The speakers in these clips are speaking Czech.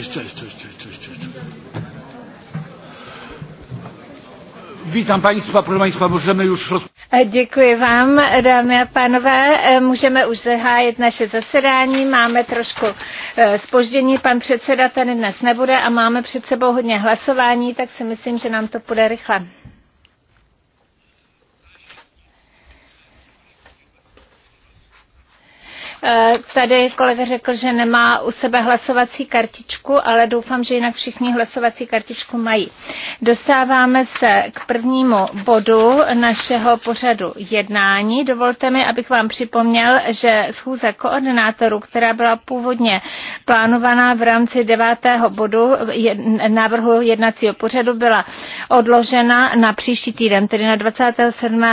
Cześć, cześć, cześć, cześć, cześć, cześć. Witam Państwa, proszę Państwa, możemy już roz... Dziękuję Wam, dámy a pánové. E, můžeme už zahájit naše zasedání. Máme trošku spoždění. E, Pan předseda tady dnes nebude a máme před sebou hodně hlasování, tak si myslím, že nám to půjde rychle. Eh, tady kolega řekl, že nemá u sebe hlasovací kartičku, ale doufám, že jinak všichni hlasovací kartičku mají. Dostáváme se k prvnímu bodu našeho pořadu jednání. Dovolte mi, abych vám připomněl, že schůze koordinátorů, která byla původně plánovaná v rámci devátého bodu návrhu jednacího pořadu, byla odložena na příští týden, tedy na 27.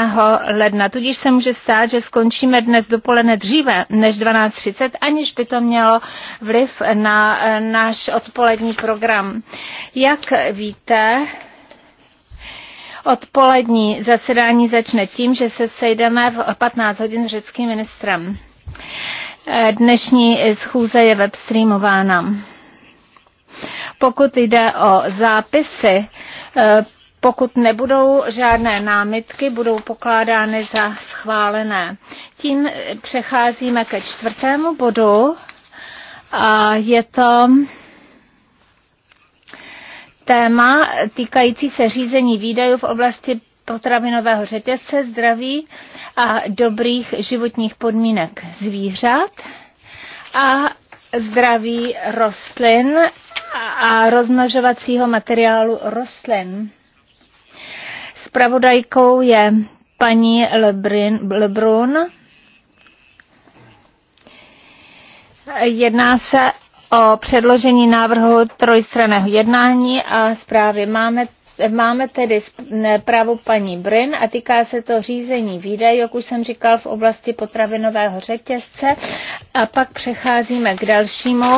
ledna. Tudíž se může stát, že skončíme dnes dopoledne dříve, než 12.30, aniž by to mělo vliv na eh, náš odpolední program. Jak víte, odpolední zasedání začne tím, že se sejdeme v 15 hodin s řeckým ministrem. Eh, dnešní schůze je webstreamována. Pokud jde o zápisy, eh, pokud nebudou žádné námitky, budou pokládány za schválené. Tím přecházíme ke čtvrtému bodu a je to téma týkající se řízení výdajů v oblasti potravinového řetězce, zdraví a dobrých životních podmínek zvířat a zdraví rostlin a rozmnožovacího materiálu rostlin. Spravodajkou je paní Lebrin, Lebrun. Jedná se o předložení návrhu trojstraného jednání a zprávy. Máme Máme tedy právo paní Bryn a týká se to řízení výdajů, jak už jsem říkal, v oblasti potravinového řetězce. A pak přecházíme k dalšímu,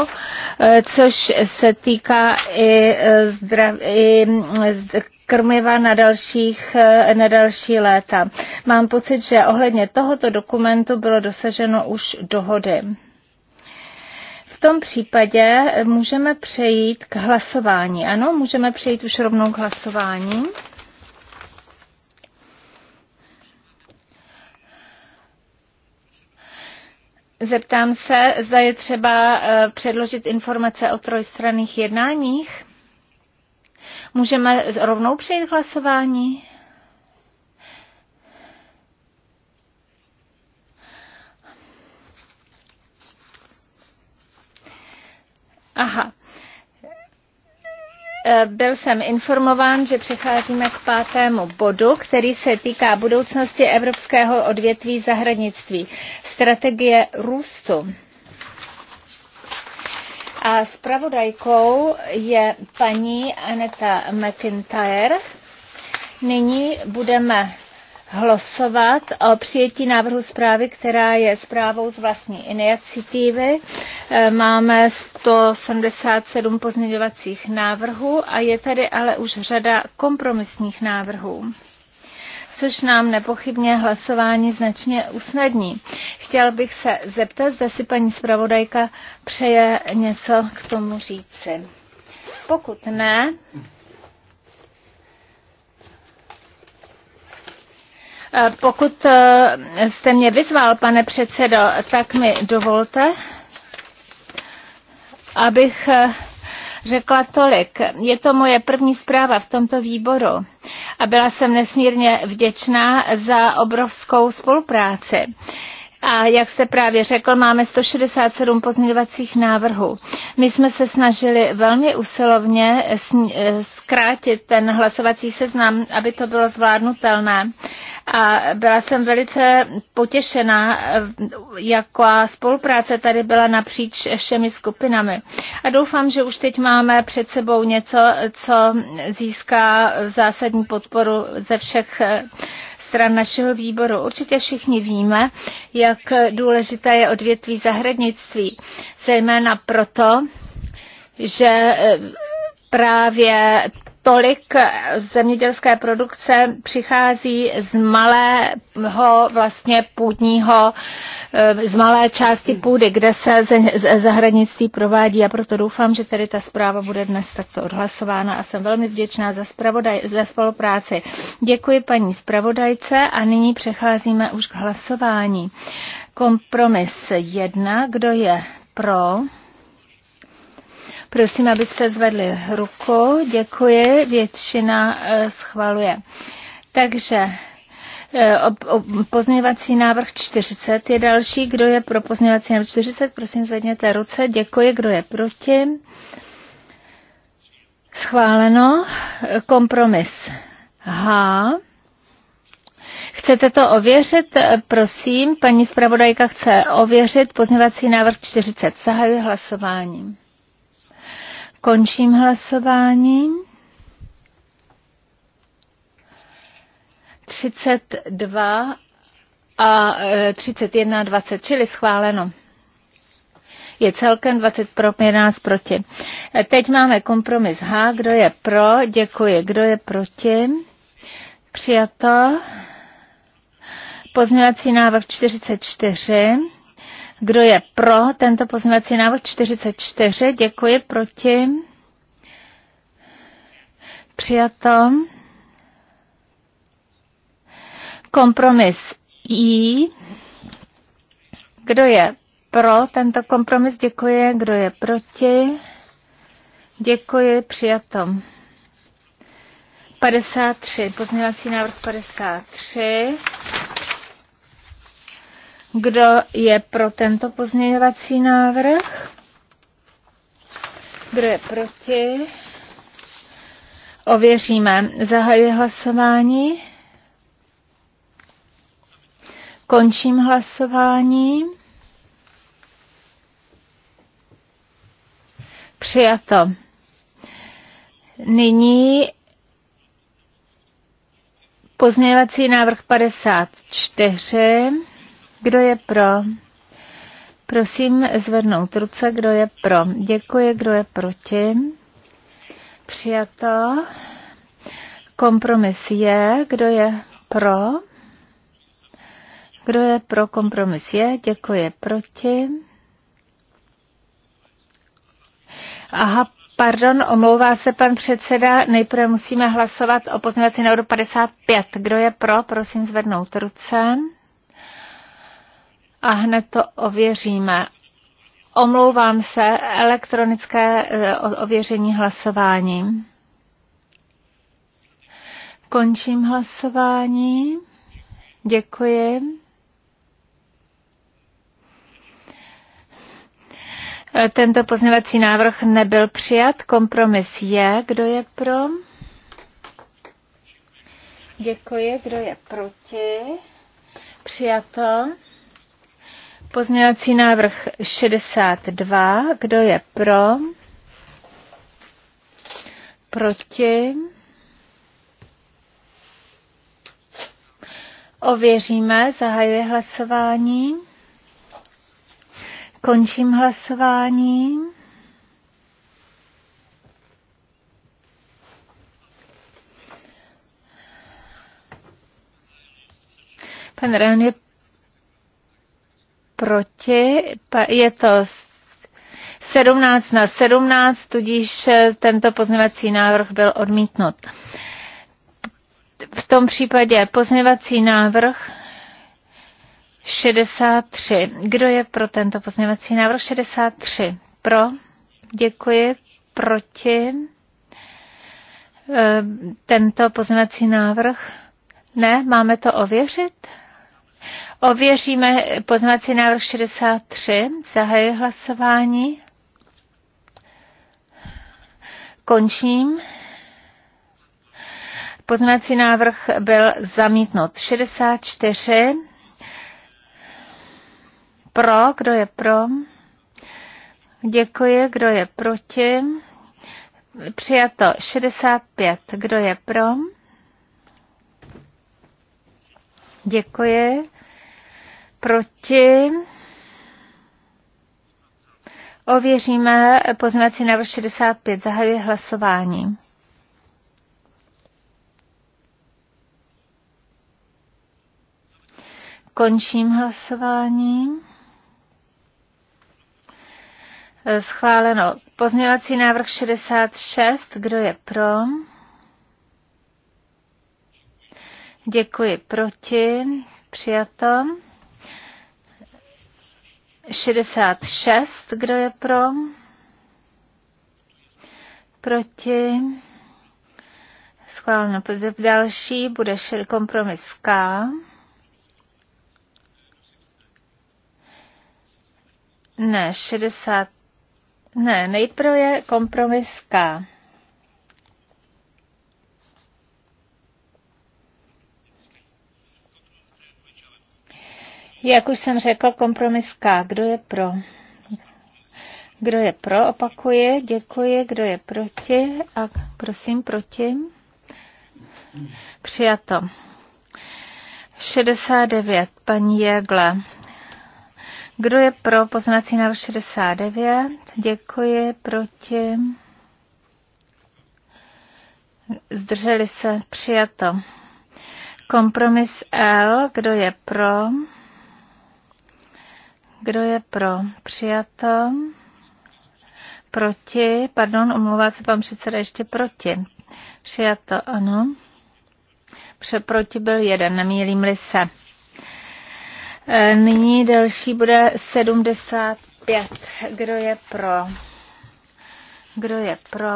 eh, což se týká i, eh, zdrav, i eh, krmiva na, dalších, eh, na další léta. Mám pocit, že ohledně tohoto dokumentu bylo dosaženo už dohody. V tom případě můžeme přejít k hlasování. Ano, můžeme přejít už rovnou k hlasování. Zeptám se, zda je třeba eh, předložit informace o trojstranných jednáních. Můžeme rovnou přejít k hlasování? Aha. E, byl jsem informován, že přecházíme k pátému bodu, který se týká budoucnosti evropského odvětví zahradnictví. Strategie růstu. A zpravodajkou je paní Aneta McIntyre. Nyní budeme hlasovat o přijetí návrhu zprávy, která je zprávou z vlastní iniciativy. E, máme 177 pozměňovacích návrhů a je tady ale už řada kompromisních návrhů což nám nepochybně hlasování značně usnadní. Chtěl bych se zeptat, zda si paní zpravodajka přeje něco k tomu říci. Pokud ne, eh, Pokud eh, jste mě vyzval, pane předsedo, tak mi dovolte, abych eh, řekla tolik. Je to moje první zpráva v tomto výboru a byla jsem nesmírně vděčná za obrovskou spolupráci. A jak se právě řekl, máme 167 pozměňovacích návrhů. My jsme se snažili velmi usilovně eh, zkrátit ten hlasovací seznam, aby to bylo zvládnutelné a byla jsem velice potěšená, eh, jaká spolupráce tady byla napříč všemi skupinami. A doufám, že už teď máme před sebou něco, co získá zásadní podporu ze všech eh, stran našeho výboru. Určitě všichni víme, jak důležité je odvětví zahradnictví, zejména proto, že eh, právě tolik zemědělské produkce přichází z malého vlastně půdního, eh, z malé části půdy, kde se zahradnictví provádí a proto doufám, že tady ta zpráva bude dnes takto odhlasována a jsem velmi vděčná za, spravodaj, za spolupráci. Děkuji paní zpravodajce a nyní přecházíme už k hlasování. Kompromis jedna, kdo je pro? Prosím, abyste zvedli ruku. Děkuji, většina eh, schvaluje. Takže eh, pozměňovací návrh 40 je další. Kdo je pro pozměňovací návrh 40? Prosím, zvedněte ruce. Děkuji. Kdo je proti? Schváleno. Kompromis H. Chcete to ověřit? Eh, prosím, paní zpravodajka chce ověřit pozměňovací návrh 40. Zahajuji hlasování. Končím hlasování. 32 a 31 e, 20, čili schváleno. Je celkem 20 pro, 11 proti. E, teď máme kompromis H. Kdo je pro? Děkuji. Kdo je proti? Přijato. Pozměňovací návrh 44. Kdo je pro tento pozměňovací návrh 44? Děkuji. Proti? Přijato. Kompromis I. Kdo je pro tento kompromis? Děkuji. Kdo je proti? Děkuji. Přijato. 53. Pozměňovací návrh 53. Kdo je pro tento pozměňovací návrh? Kdo je proti? Ověříme. Zahajuji hlasování. Končím hlasování. Přijato. Nyní pozměňovací návrh 54. Kdo je pro? Prosím zvednout ruce, kdo je pro. Děkuji, kdo je proti. Přijato. Kompromis je, kdo je pro. Kdo je pro kompromis je, děkuji, proti. Aha, Pardon, omlouvá se pan předseda. Nejprve musíme hlasovat o pozměňovací návrhu 55. Kdo je pro, prosím zvednout ruce a hned to ověříme. Omlouvám se, elektronické eh, ověření hlasování. Končím hlasování. Děkuji. Eh, tento pozměvací návrh nebyl přijat. Kompromis je. Kdo je pro? Děkuji. Kdo je proti? Přijato. Pozměňovací návrh 62. Kdo je pro? Proti? Ověříme, zahajuje hlasování. Končím hlasování. Pan Ren je proti. Je to 17 na 17, tudíž eh, tento pozměvací návrh byl odmítnut. V tom případě pozměvací návrh 63. Kdo je pro tento pozměvací návrh 63? Pro? Děkuji. Proti? Eh, tento pozměvací návrh? Ne, máme to ověřit? Ověříme poznací návrh 63. Zahajuji hlasování. Končím. Poznací návrh byl zamítnut. 64. Pro, kdo je pro? Děkuji, kdo je proti? Přijato 65. Kdo je pro? Děkuji proti. Ověříme poznací návrh 65. Zahajuji hlasování. Končím hlasování. Schváleno. Pozměňovací návrh 66. Kdo je pro? Děkuji. Proti? Přijatom. 66, kdo je pro? Proti? Schváleno. Další bude kompromis K. Ne, 60. Ne, nejprve je kompromis K. Jak už jsem řekl, kompromis K. Kdo je pro? Kdo je pro? Opakuje. Děkuji. Kdo je proti? A prosím, proti. Přijato. 69. Paní Jegle. Kdo je pro poznací návrh 69? Děkuji. Proti. Zdrželi se. Přijato. Kompromis L. Kdo je pro? Kdo je pro? Přijato. Proti, pardon, omlouvá se pan předseda ještě proti. Přijato, ano. Pře proti byl jeden, nemýlím-li se. E, nyní další bude 75. Kdo je pro? Kdo je pro?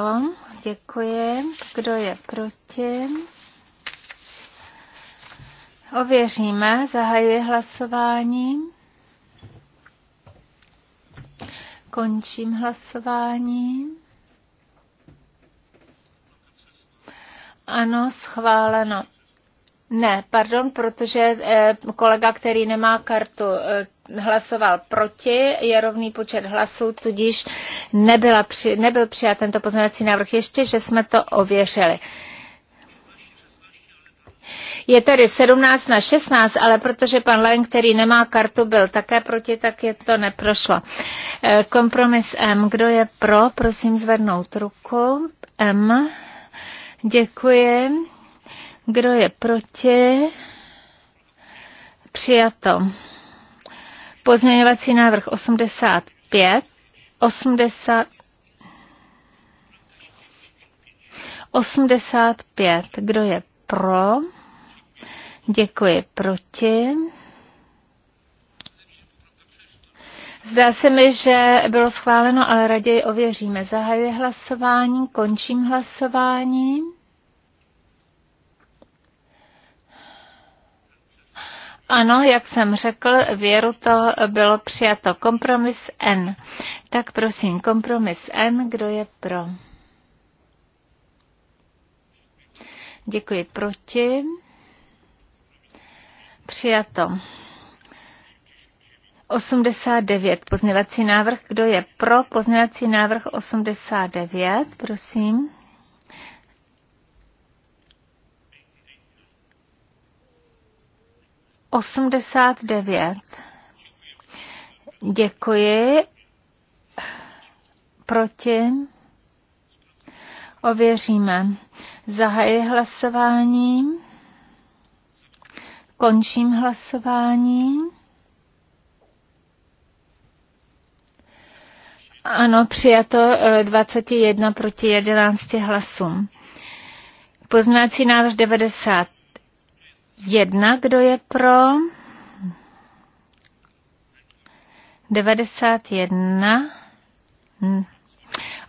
Děkuji. Kdo je proti? Ověříme, zahajuji hlasování. Končím hlasování. Ano, schváleno. Ne, pardon, protože eh, kolega, který nemá kartu, eh, hlasoval proti, je rovný počet hlasů, tudíž nebyla při, nebyl přijat tento poznávací návrh ještě, že jsme to ověřili. Je tady 17 na 16, ale protože pan Len, který nemá kartu, byl také proti, tak je to neprošlo. Eh, kompromis M. Kdo je pro, prosím zvednout ruku. M. Děkuji. Kdo je proti? Přijato. Pozměňovací návrh 85. 80, 85. Kdo je pro? Děkuji. Proti? Zdá se mi, že bylo schváleno, ale raději ověříme. Zahajuji hlasování, končím hlasování. Ano, jak jsem řekl, věru to bylo přijato. Kompromis N. Tak prosím, kompromis N, kdo je pro? Děkuji proti. Přijato. 89. Pozměvací návrh. Kdo je pro pozměvací návrh 89? Prosím. Osmdesát devět. Děkuji. Proti. Ověříme. Zahajuji hlasování. Končím hlasování. Ano, přijato 21 eh, proti 11 hlasům. Poznací návrh 91, kdo je pro? 91. Hm.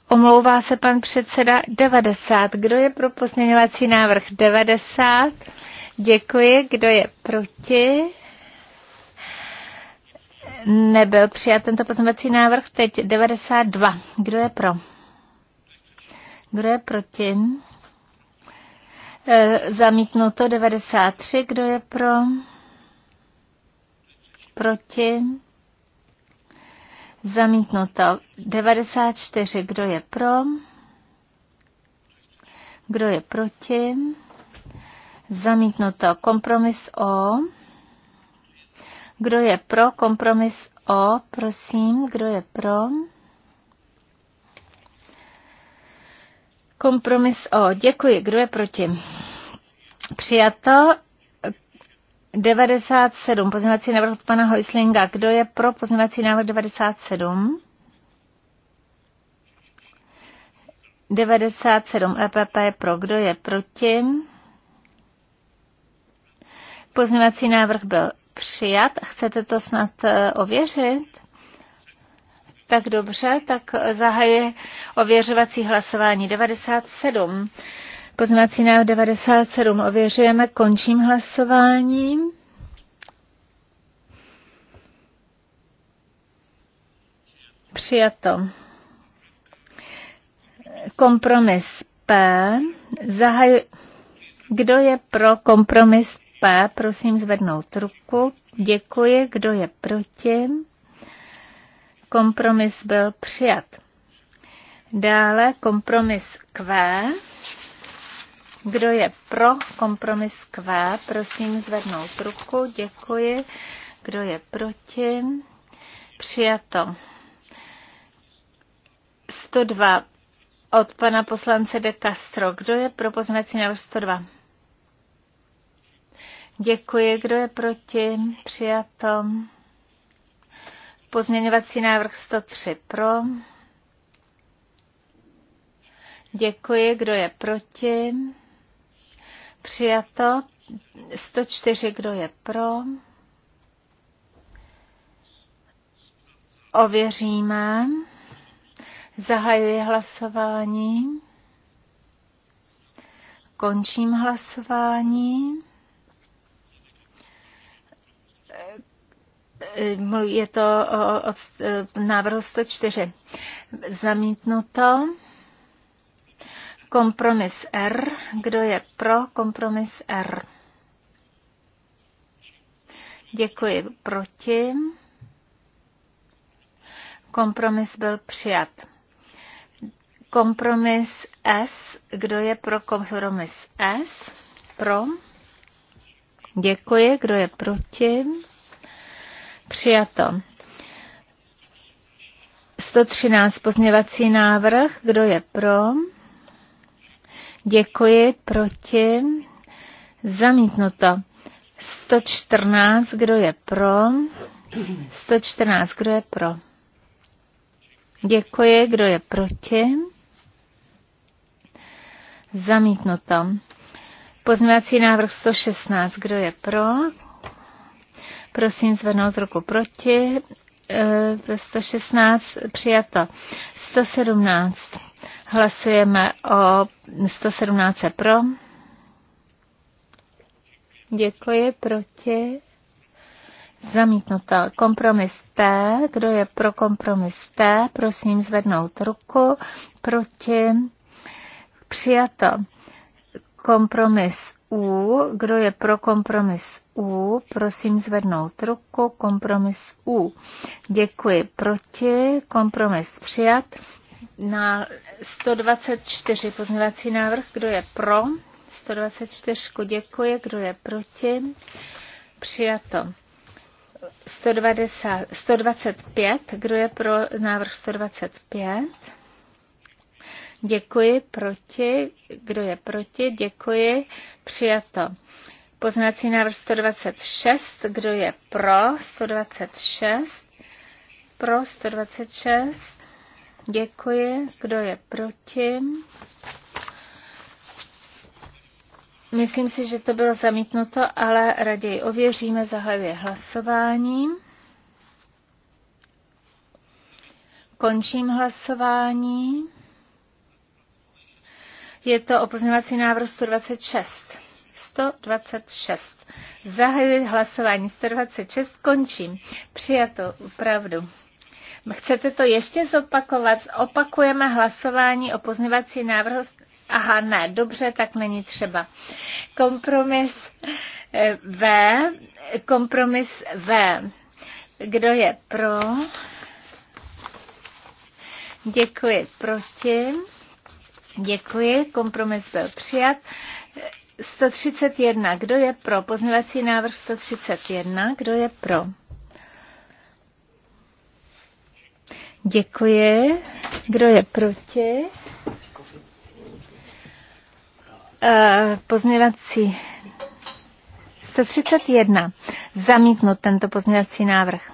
Omlouvá se pan předseda 90. Kdo je pro pozměňovací návrh 90? Děkuji. Kdo je proti? Nebyl přijat tento pozměňovací návrh. Teď 92. Kdo je pro? Kdo je proti? E, zamítnuto 93. Kdo je pro? Proti? Zamítnuto 94. Kdo je pro? Kdo je proti? Zamítnuto. Kompromis O. Kdo je pro kompromis O, prosím, kdo je pro? Kompromis O, děkuji, kdo je proti? Přijato 97, Poznávací návrh od pana Hojslinga. Kdo je pro poznávací návrh 97? 97 EPP je pro, kdo je proti? Pozměvací návrh byl přijat. Chcete to snad eh, ověřit? Tak dobře, tak zahajuje ověřovací hlasování 97. Pozměvací návrh 97 ověřujeme, končím hlasování. Přijato. Kompromis P. Zahaj... Kdo je pro kompromis P, prosím zvednout ruku. Děkuji. Kdo je proti? Kompromis byl přijat. Dále kompromis Q. Kdo je pro kompromis Q, prosím zvednout ruku. Děkuji. Kdo je proti? Přijato. 102 od pana poslance de Castro. Kdo je pro poznací návrh 102? Děkuji. Kdo je proti? Přijato. Pozměňovací návrh 103 pro. Děkuji. Kdo je proti? Přijato. 104. Kdo je pro? Ověříme. Zahajuji hlasování. Končím hlasování je to od e, návrhu 104. Zamítnuto. Kompromis R. Kdo je pro kompromis R? Děkuji. Proti. Kompromis byl přijat. Kompromis S. Kdo je pro kompromis S? Pro. Děkuji. Kdo je proti? Přijato. 113 pozměvací návrh. Kdo je pro? Děkuji. Proti? Zamítnuto. 114. Kdo je pro? 114. Kdo je pro? Děkuji. Kdo je proti? Zamítnuto. Pozměňovací návrh 116. Kdo je pro? Prosím zvednout ruku proti. 116 e, přijato. 117. Hlasujeme o 117 pro. Děkuji. Proti. Zamítnuto. Kompromis T. Kdo je pro kompromis T? Prosím zvednout ruku. Proti. Přijato. Kompromis U. Kdo je pro kompromis U? Prosím zvednout ruku. Kompromis U. Děkuji. Proti. Kompromis přijat. Na 124 pozměňovací návrh. Kdo je pro? 124. Děkuji. Kdo je proti? Přijato. 120, 125. Kdo je pro návrh 125? Děkuji proti. Kdo je proti? Děkuji. Přijato. Poznací návrh 126. Kdo je pro? 126. Pro 126. Děkuji. Kdo je proti? Myslím si, že to bylo zamítnuto, ale raději ověříme, zahajuje hlasování. Končím hlasování. Je to opozňovací návrh 126. 126. Zahajuji hlasování 126, končím. Přijato, opravdu. Chcete to ještě zopakovat? Opakujeme hlasování o pozněvací návrhu. Aha, ne, dobře, tak není třeba. Kompromis eh, V, kompromis V. Kdo je pro? Děkuji. Prosím. Děkuji, kompromis byl přijat. 131. Kdo je pro? Pozměvací návrh 131. Kdo je pro? Děkuji. Kdo je proti? Eh, pozměvací 131. zamítnout tento pozměvací návrh.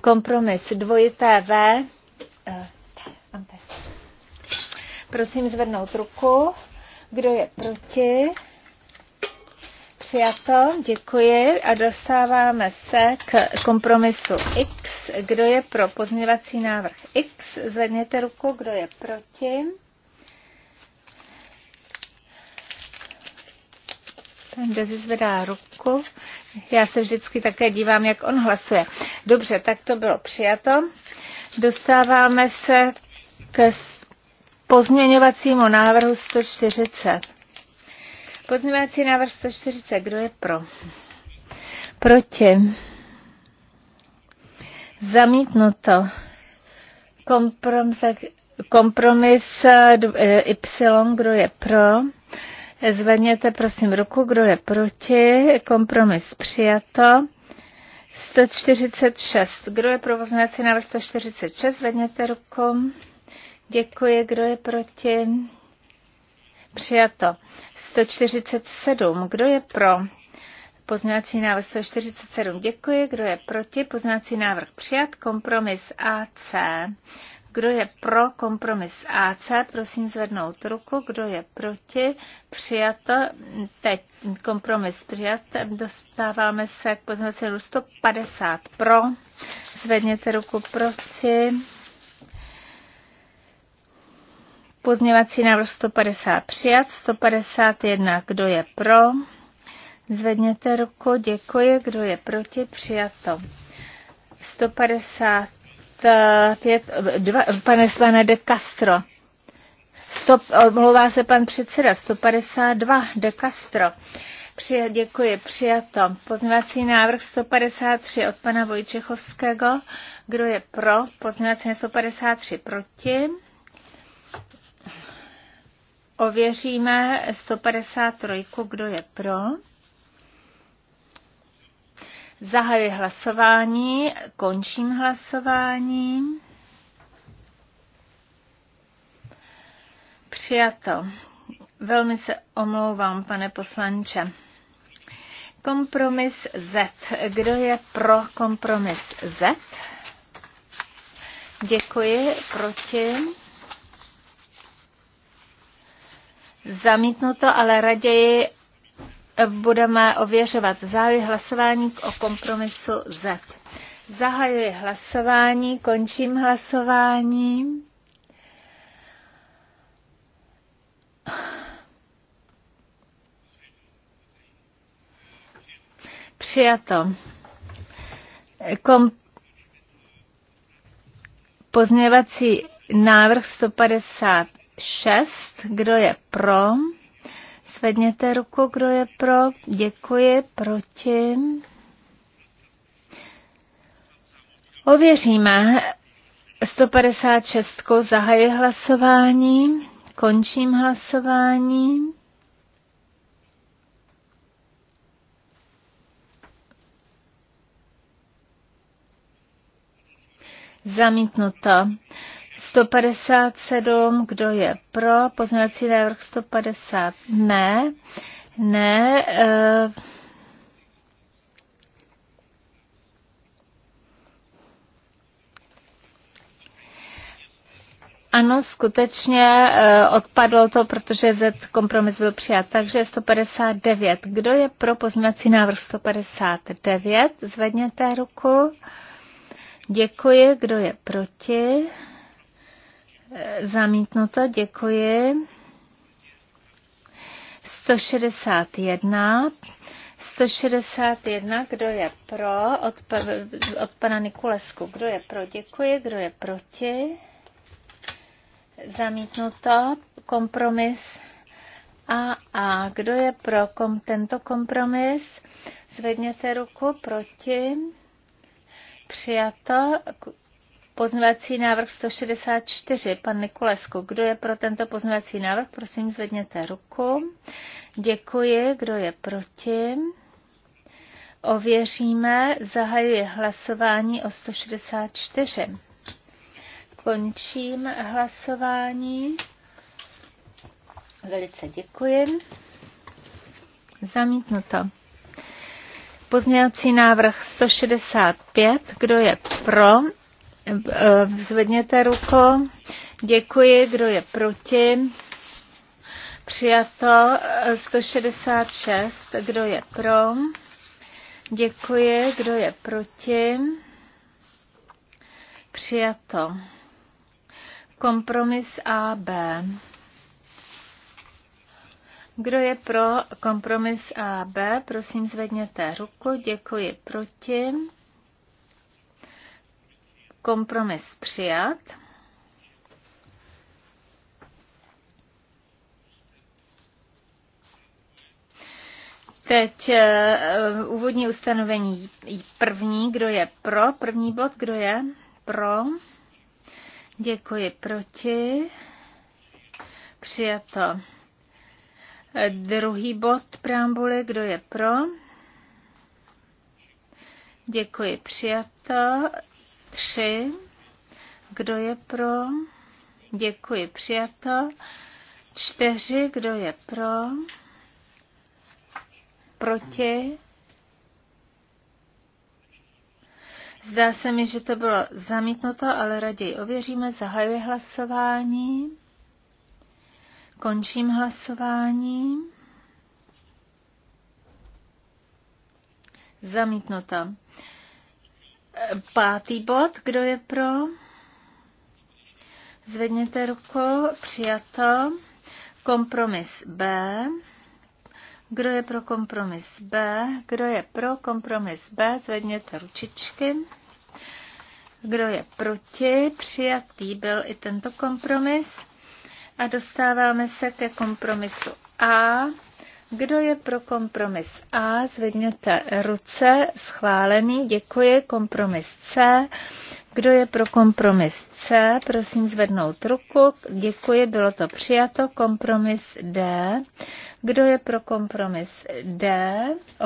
Kompromis dvojité V eh, Prosím zvednout ruku. Kdo je proti? Přijato, děkuji a dostáváme se k kompromisu X. Kdo je pro pozměňovací návrh X? Zvedněte ruku, kdo je proti? Ten Dezi zvedá ruku. Já se vždycky také dívám, jak on hlasuje. Dobře, tak to bylo přijato. Dostáváme se k pozměňovacímu návrhu 140. Pozměňovací návrh 140, kdo je pro? Proti. Zamítnuto. Kompromis, kompromis eh, Y, kdo je pro? Zvedněte prosím ruku, kdo je proti. Kompromis přijato. 146. Kdo je pro pozměňovací návrh 146? Zvedněte ruku. Děkuji, kdo je proti. Přijato. 147. Kdo je pro? Poznávací návrh 147. Děkuji. Kdo je proti? Poznávací návrh přijat. Kompromis AC. Kdo je pro kompromis AC, prosím zvednout ruku. Kdo je proti, přijato. Teď kompromis přijat. Dostáváme se k pozměnci 150 pro. Zvedněte ruku proti. Pozměvací návrh 150 přijat, 151, kdo je pro, zvedněte ruku, děkuji, kdo je proti, přijato. 155, dva, pane Svane de Castro, Stop, omlouvá se pan předseda, 152 de Castro. Při, děkuji, přijato. Poznávací návrh 153 od pana Vojčechovského. Kdo je pro? návrh 153 proti. Ověříme 153, kdo je pro. Zahajuji hlasování, končím hlasování. Přijato. Velmi se omlouvám, pane poslanče. Kompromis Z. Kdo je pro kompromis Z? Děkuji. Proti? Zamítnuto, ale raději budeme ověřovat závěr hlasování o kompromisu Z. Zahajuji hlasování, končím hlasování. Přijato. Kom... Pozměvací návrh 150 6. Kdo je pro? Svedněte ruku, kdo je pro. Děkuji. Proti? Ověříme. 156. Zahajuji hlasování. Končím hlasování. Zamítnuto. 157, kdo je pro, pozměňovací návrh 150, ne, ne, eh, Ano, skutečně eh, odpadlo to, protože Z kompromis byl přijat. Takže 159. Kdo je pro pozměňovací návrh 159? Zvedněte ruku. Děkuji. Kdo je proti? Zamítnuto, děkuji. 161. 161, kdo je pro, od, od pana Nikulesku, kdo je pro, děkuji, kdo je proti. Zamítnuto, kompromis a a kdo je pro kom, tento kompromis? Zvedněte ruku proti. Přijato. Pozměvací návrh 164, pan Nikolesku. Kdo je pro tento pozměvací návrh? Prosím, zvedněte ruku. Děkuji. Kdo je proti? Ověříme. Zahajuji hlasování o 164. Končím hlasování. Velice děkuji. Zamítnuto. Pozměňovací návrh 165. Kdo je pro? Zvedněte ruku. Děkuji. Kdo je proti? Přijato 166. Kdo je pro? Děkuji. Kdo je proti? Přijato. Kompromis AB. Kdo je pro kompromis AB, prosím zvedněte ruku. Děkuji proti. Kompromis přijat. Teď uh, úvodní ustanovení první, kdo je pro, první bod, kdo je pro. Děkuji proti. Přijato. Eh, druhý bod preambuly, kdo je pro. Děkuji přijato. Tři, Kdo je pro? Děkuji, přijato. Čtyři, Kdo je pro? Proti? Zdá se mi, že to bylo zamítnuto, ale raději ověříme. Zahajuji hlasování. Končím hlasování. Zamítnuto. Pátý bod, kdo je pro? Zvedněte ruku, přijato. Kompromis B. Kdo je pro kompromis B? Kdo je pro kompromis B? Zvedněte ručičky. Kdo je proti? Přijatý byl i tento kompromis. A dostáváme se ke kompromisu A. Kdo je pro kompromis A, zvedněte ruce, schválený, děkuji, kompromis C. Kdo je pro kompromis C, prosím zvednout ruku, děkuji, bylo to přijato, kompromis D. Kdo je pro kompromis D,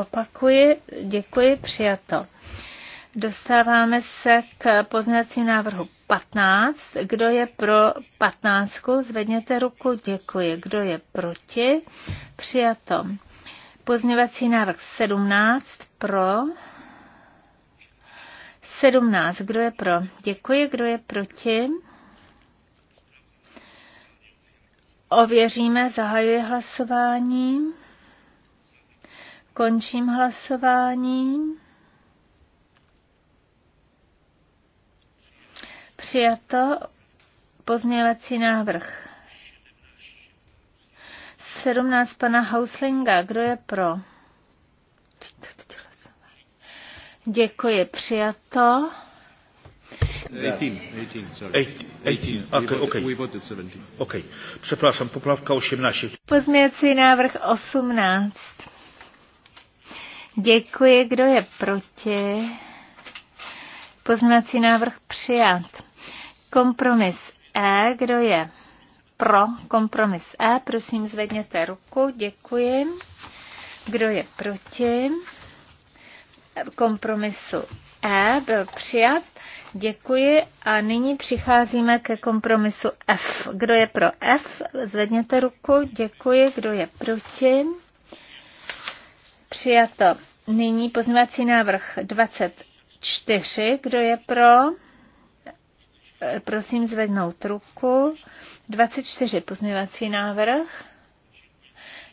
opakuji, děkuji, přijato. Dostáváme se k poznacím návrhu 15. Kdo je pro 15? Zvedněte ruku. Děkuji. Kdo je proti? Přijato. Pozměvací návrh 17 pro. 17. Kdo je pro? Děkuji. Kdo je proti? Ověříme, zahajuji hlasování. Končím hlasování. Přijato pozměvací návrh. 17 pana Hauslinga. Kdo je pro? Děkuji. Přijato. 18, 18, okay, okay. okay. Przepraszam, poprawka 18. Pozměňovací návrh 18. Děkuji, kdo je proti? Poznací návrh přijat. Kompromis E, kdo je pro kompromis E, prosím zvedněte ruku, děkuji. Kdo je proti? Kompromisu E byl přijat, děkuji. A nyní přicházíme ke kompromisu F. Kdo je pro F, zvedněte ruku, děkuji. Kdo je proti? Přijato. Nyní poznávací návrh 20 čtyři, Kdo je pro? Prosím zvednout ruku. 24. pozměvací návrh.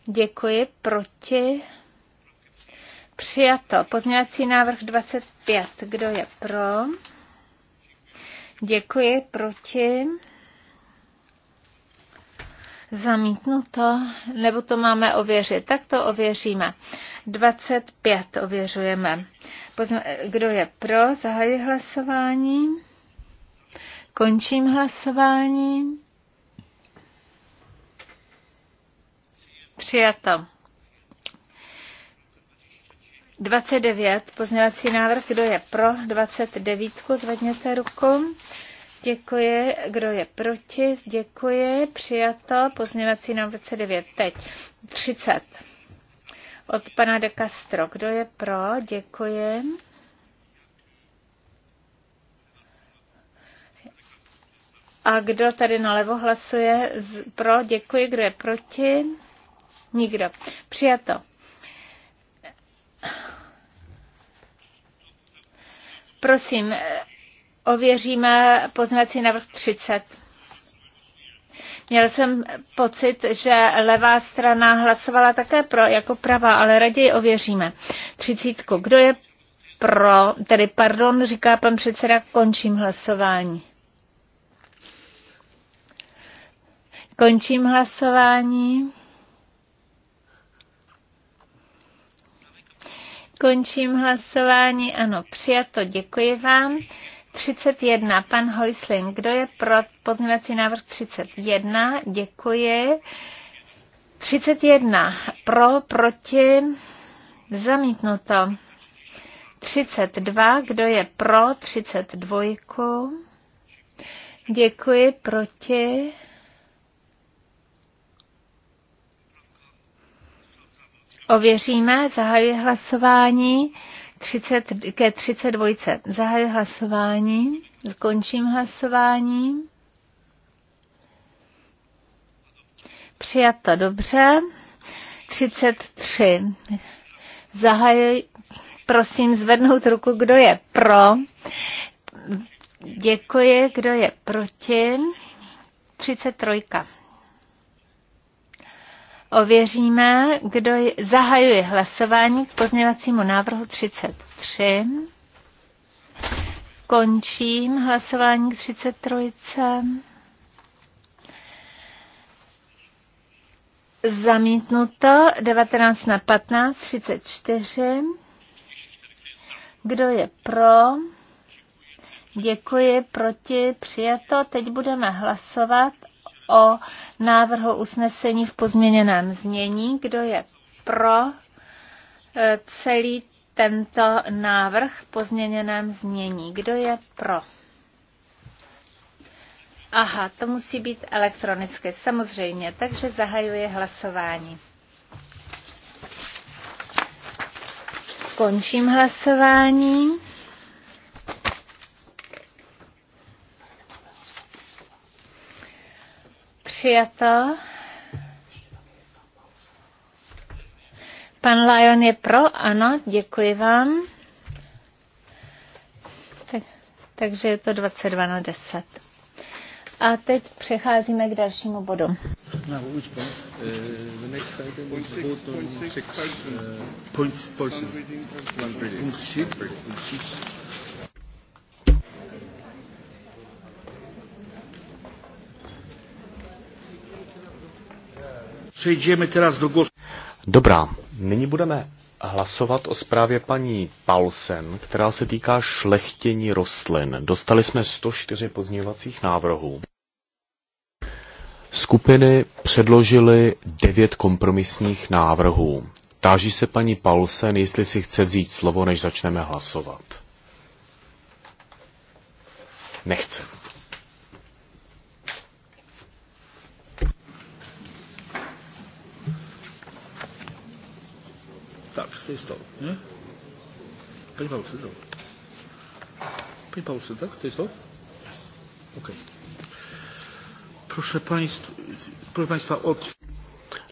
Děkuji. Proti? Přijato. Pozměvací návrh 25. Kdo je pro? Děkuji. Proti? Zamítnuto, nebo to máme ověřit? Tak to ověříme. 25 ověřujeme. Kdo je pro, zahajuji hlasování. Končím hlasování. Přijato. 29. Pozměvací návrh, kdo je pro 29, zvedněte ruku. Děkuji. Kdo je proti? Děkuji. Přijato. Pozměvací návrh 29. Teď 30 od pana de Castro. Kdo je pro? Děkuji. A kdo tady nalevo hlasuje pro? Děkuji. Kdo je proti? Nikdo. Přijato. Prosím, ověříme poznací návrh 30. Měl jsem pocit, že levá strana hlasovala také pro, jako pravá, ale raději ověříme. Třicítku. Kdo je pro, tedy pardon, říká pan předseda, končím hlasování. Končím hlasování. Končím hlasování. Ano, přijato. Děkuji vám. 31, pan Hojsling, kdo je pro pozměňovací návrh 31? Děkuji. 31, pro, proti, zamítnuto. 32, kdo je pro 32? Děkuji, proti. Ověříme, zahajuji hlasování. 30, ke 32. Zahajuji hlasování, skončím hlasování. Přijato dobře. 33. Zahajuji, prosím zvednout ruku, kdo je pro. Děkuji, kdo je proti. 33. Ověříme, kdo zahajuje hlasování k pozměvacímu návrhu 33. Končím hlasování k 33. Zamítnuto 19 na 15, 34. Kdo je pro? Děkuji, proti, přijato. Teď budeme hlasovat o návrhu usnesení v pozměněném znění. Kdo je pro e, celý tento návrh v pozměněném znění? Kdo je pro? Aha, to musí být elektronicky, samozřejmě, takže zahajuje hlasování. Končím hlasování. přijata. Pan Lion je pro, ano, děkuji vám. Tak, takže je to 22 na 10. A teď přecházíme k dalšímu bodu. No, Přejdeme teraz do gost... Dobrá, nyní budeme hlasovat o zprávě paní Paulsen, která se týká šlechtění rostlin. Dostali jsme 104 pozměňovacích návrhů. Skupiny předložily 9 kompromisních návrhů. Táží se paní Paulsen, jestli si chce vzít slovo, než začneme hlasovat. Nechce. to hm? jest to, nie? Pani Paulsen, dobrze. Pani Paulsen, tak? To jest to? Yes. Okay. Proszę, państw, proszę Państwa, od...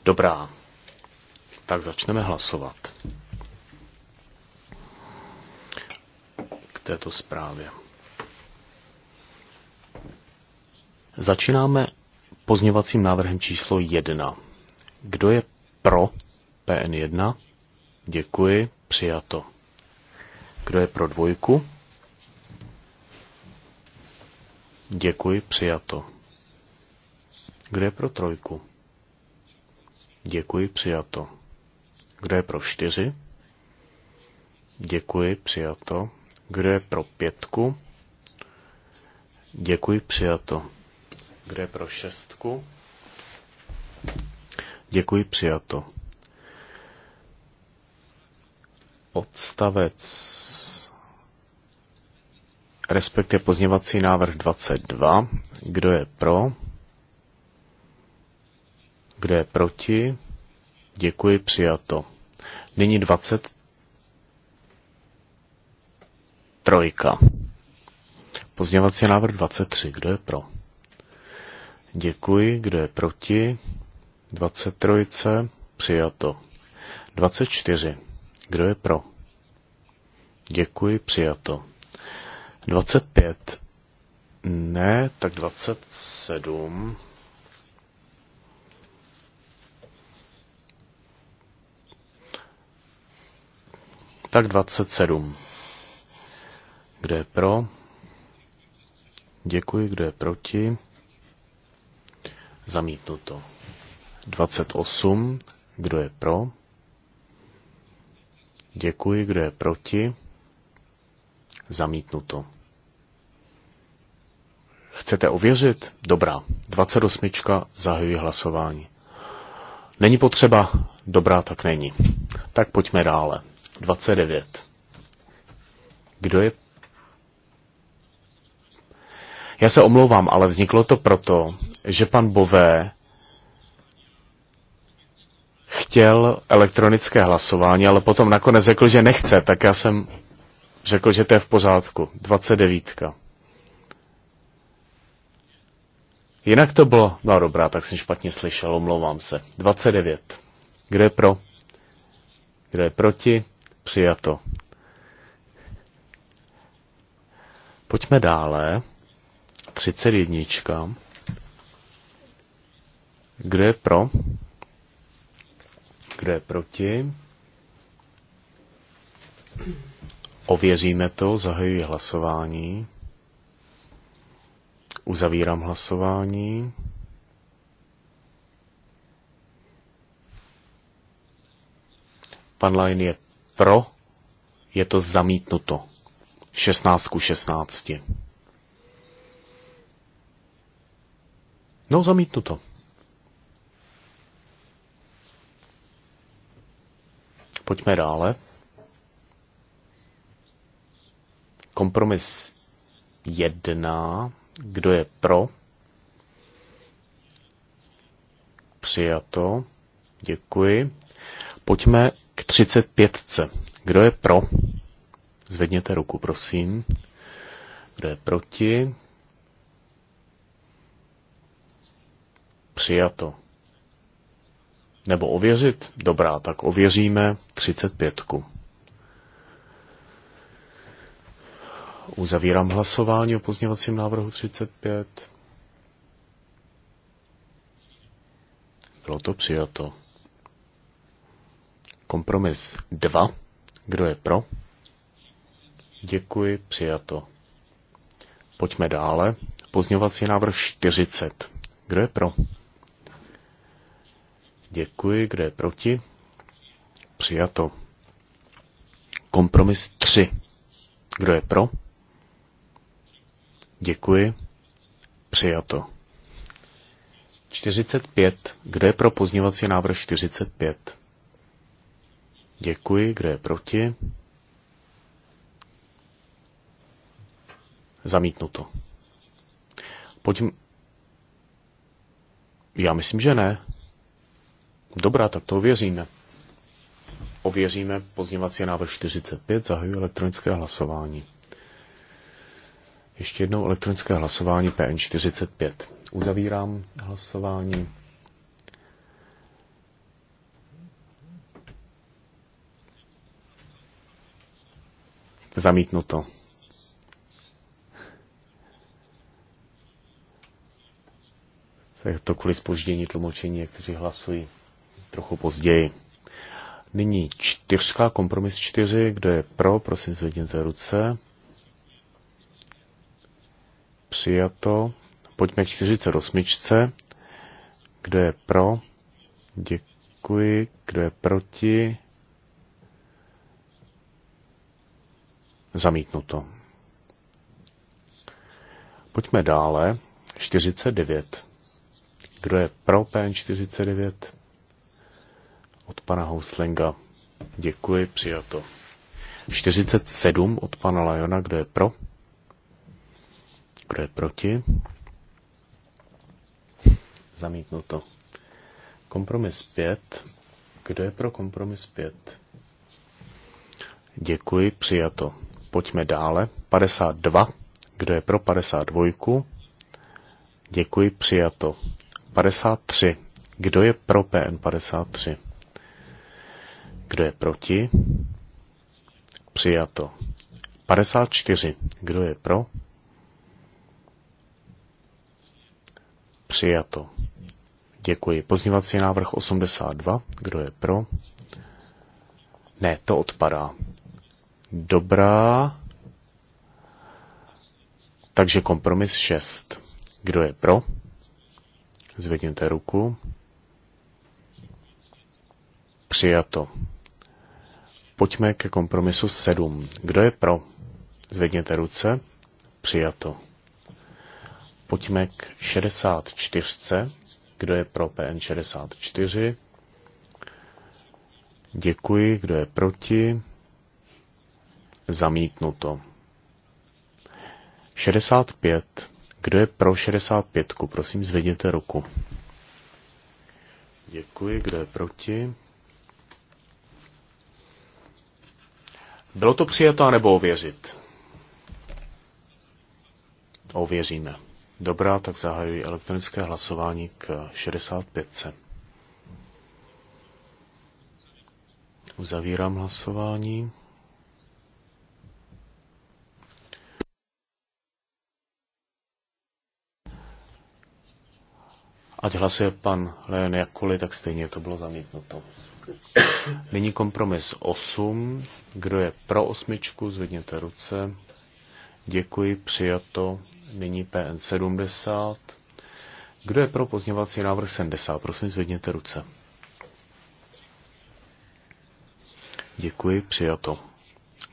Dobrá, tak začneme hlasovat k této zprávě. Začínáme pozněvacím návrhem číslo 1. Kdo je pro PN1? Děkuji. Přijato. Kdo je pro dvojku? Děkuji. Přijato. Kdo je pro trojku? Děkuji. Přijato. Kdo je pro čtyři? Děkuji. Přijato. Kdo je pro pětku? Děkuji. Přijato. Kdo je pro šestku? Děkuji. Přijato. odstavec, respektive pozněvací návrh 22. Kdo je pro? Kdo je proti? Děkuji, přijato. Nyní 23. Pozněvací návrh 23. Kdo je pro? Děkuji. Kdo je proti? 23. Přijato. 24. Kdo je pro? Děkuji, přijato. 25. Ne, tak 27. Tak 27. Kdo je pro? Děkuji, kdo je proti? Zamítnuto. 28. Kdo je pro? Děkuji, kdo je proti. Zamítnuto. Chcete ověřit? Dobrá. 28. zahajuji hlasování. Není potřeba? Dobrá, tak není. Tak pojďme dále. 29. Kdo je? Já se omlouvám, ale vzniklo to proto, že pan Bové chtěl elektronické hlasování, ale potom nakonec řekl, že nechce, tak já jsem řekl, že to je v pořádku. 29. Jinak to bylo, no dobrá, tak jsem špatně slyšel, omlouvám se. 29. Kdo je pro? Kdo je proti? Přijato. Pojďme dále. 31. Kdo je pro? Kdo je proti? Ověříme to, zahajuji hlasování. Uzavírám hlasování. Pan Lajn je pro, je to zamítnuto. 16 ku 16. No, zamítnuto. Pojďme dále. Kompromis 1. Kdo je pro? Přijato. Děkuji. Pojďme k 35. Kdo je pro? Zvedněte ruku, prosím. Kdo je proti? Přijato. Nebo ověřit? Dobrá, tak ověříme 35. Uzavírám hlasování o pozněvacím návrhu 35. Bylo to přijato. Kompromis 2. Kdo je pro? Děkuji, přijato. Pojďme dále. Pozněvací návrh 40. Kdo je pro? Děkuji. kde je proti? Přijato. Kompromis 3. Kdo je pro? Děkuji. Přijato. 45. Kdo je pro pozněvací návrh 45? Děkuji. Kdo je proti? Zamítnuto. Pojďme. Já myslím, že ne. Dobrá, tak to ověříme. Ověříme pozněvací návrh 45, zahajuji elektronické hlasování. Ještě jednou elektronické hlasování PN45. Uzavírám hlasování. Zamítnuto. Tak to kvůli spoždění tlumočení, kteří hlasují trochu později. Nyní čtyřka, kompromis čtyři, kdo je pro, prosím zvedněte ruce. Přijato. Pojďme k 48. Kdo je pro? Děkuji. Kdo je proti? Zamítnuto. Pojďme dále. 49. Kdo je pro PN49? od pana Houslinga. Děkuji, přijato. 47 od pana Lajona, kdo je pro? Kdo je proti? Zamítnuto. Kompromis 5. Kdo je pro kompromis 5? Děkuji, přijato. Pojďme dále. 52. Kdo je pro 52? Děkuji, přijato. 53. Kdo je pro PN53? Kdo je proti? Přijato. 54. Kdo je pro? Přijato. Děkuji. Pozněvací návrh 82. Kdo je pro? Ne, to odpadá. Dobrá. Takže kompromis 6. Kdo je pro? Zvedněte ruku. Přijato. Pojďme ke kompromisu 7. Kdo je pro? Zvedněte ruce. Přijato. Pojďme k 64. Kdo je pro PN 64? Děkuji. Kdo je proti? Zamítnuto. 65. Kdo je pro 65? Prosím, zvedněte ruku. Děkuji. Kdo je proti? Bylo to přijato nebo ověřit? Ověříme. Dobrá, tak zahajuji elektronické hlasování k 65. Uzavírám hlasování. Ať hlasuje pan Leon jakkoliv, tak stejně to bylo zamítnuto. Nyní kompromis 8. Kdo je pro osmičku, zvedněte ruce. Děkuji, přijato. Nyní PN 70. Kdo je pro pozněvací návrh 70? Prosím, zvedněte ruce. Děkuji, přijato.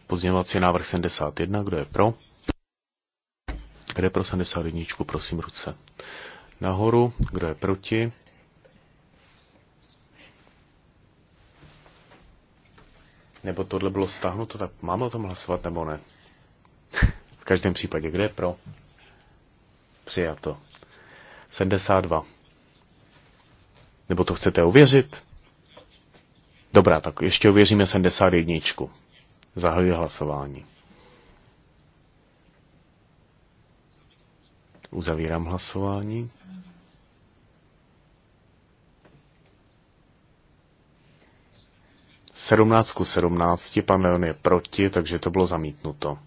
Pozněvací návrh 71, kdo je pro? Kdo je pro 71, prosím ruce. Nahoru, kdo je proti? nebo tohle bylo stáhnuto, tak máme o tom hlasovat nebo ne? v každém případě, kde je pro? Přijato. 72. Nebo to chcete uvěřit? Dobrá, tak ještě uvěříme 71. Zahajuji hlasování. Uzavírám hlasování. 17 ku 17, pan Leon je proti, takže to bylo zamítnuto.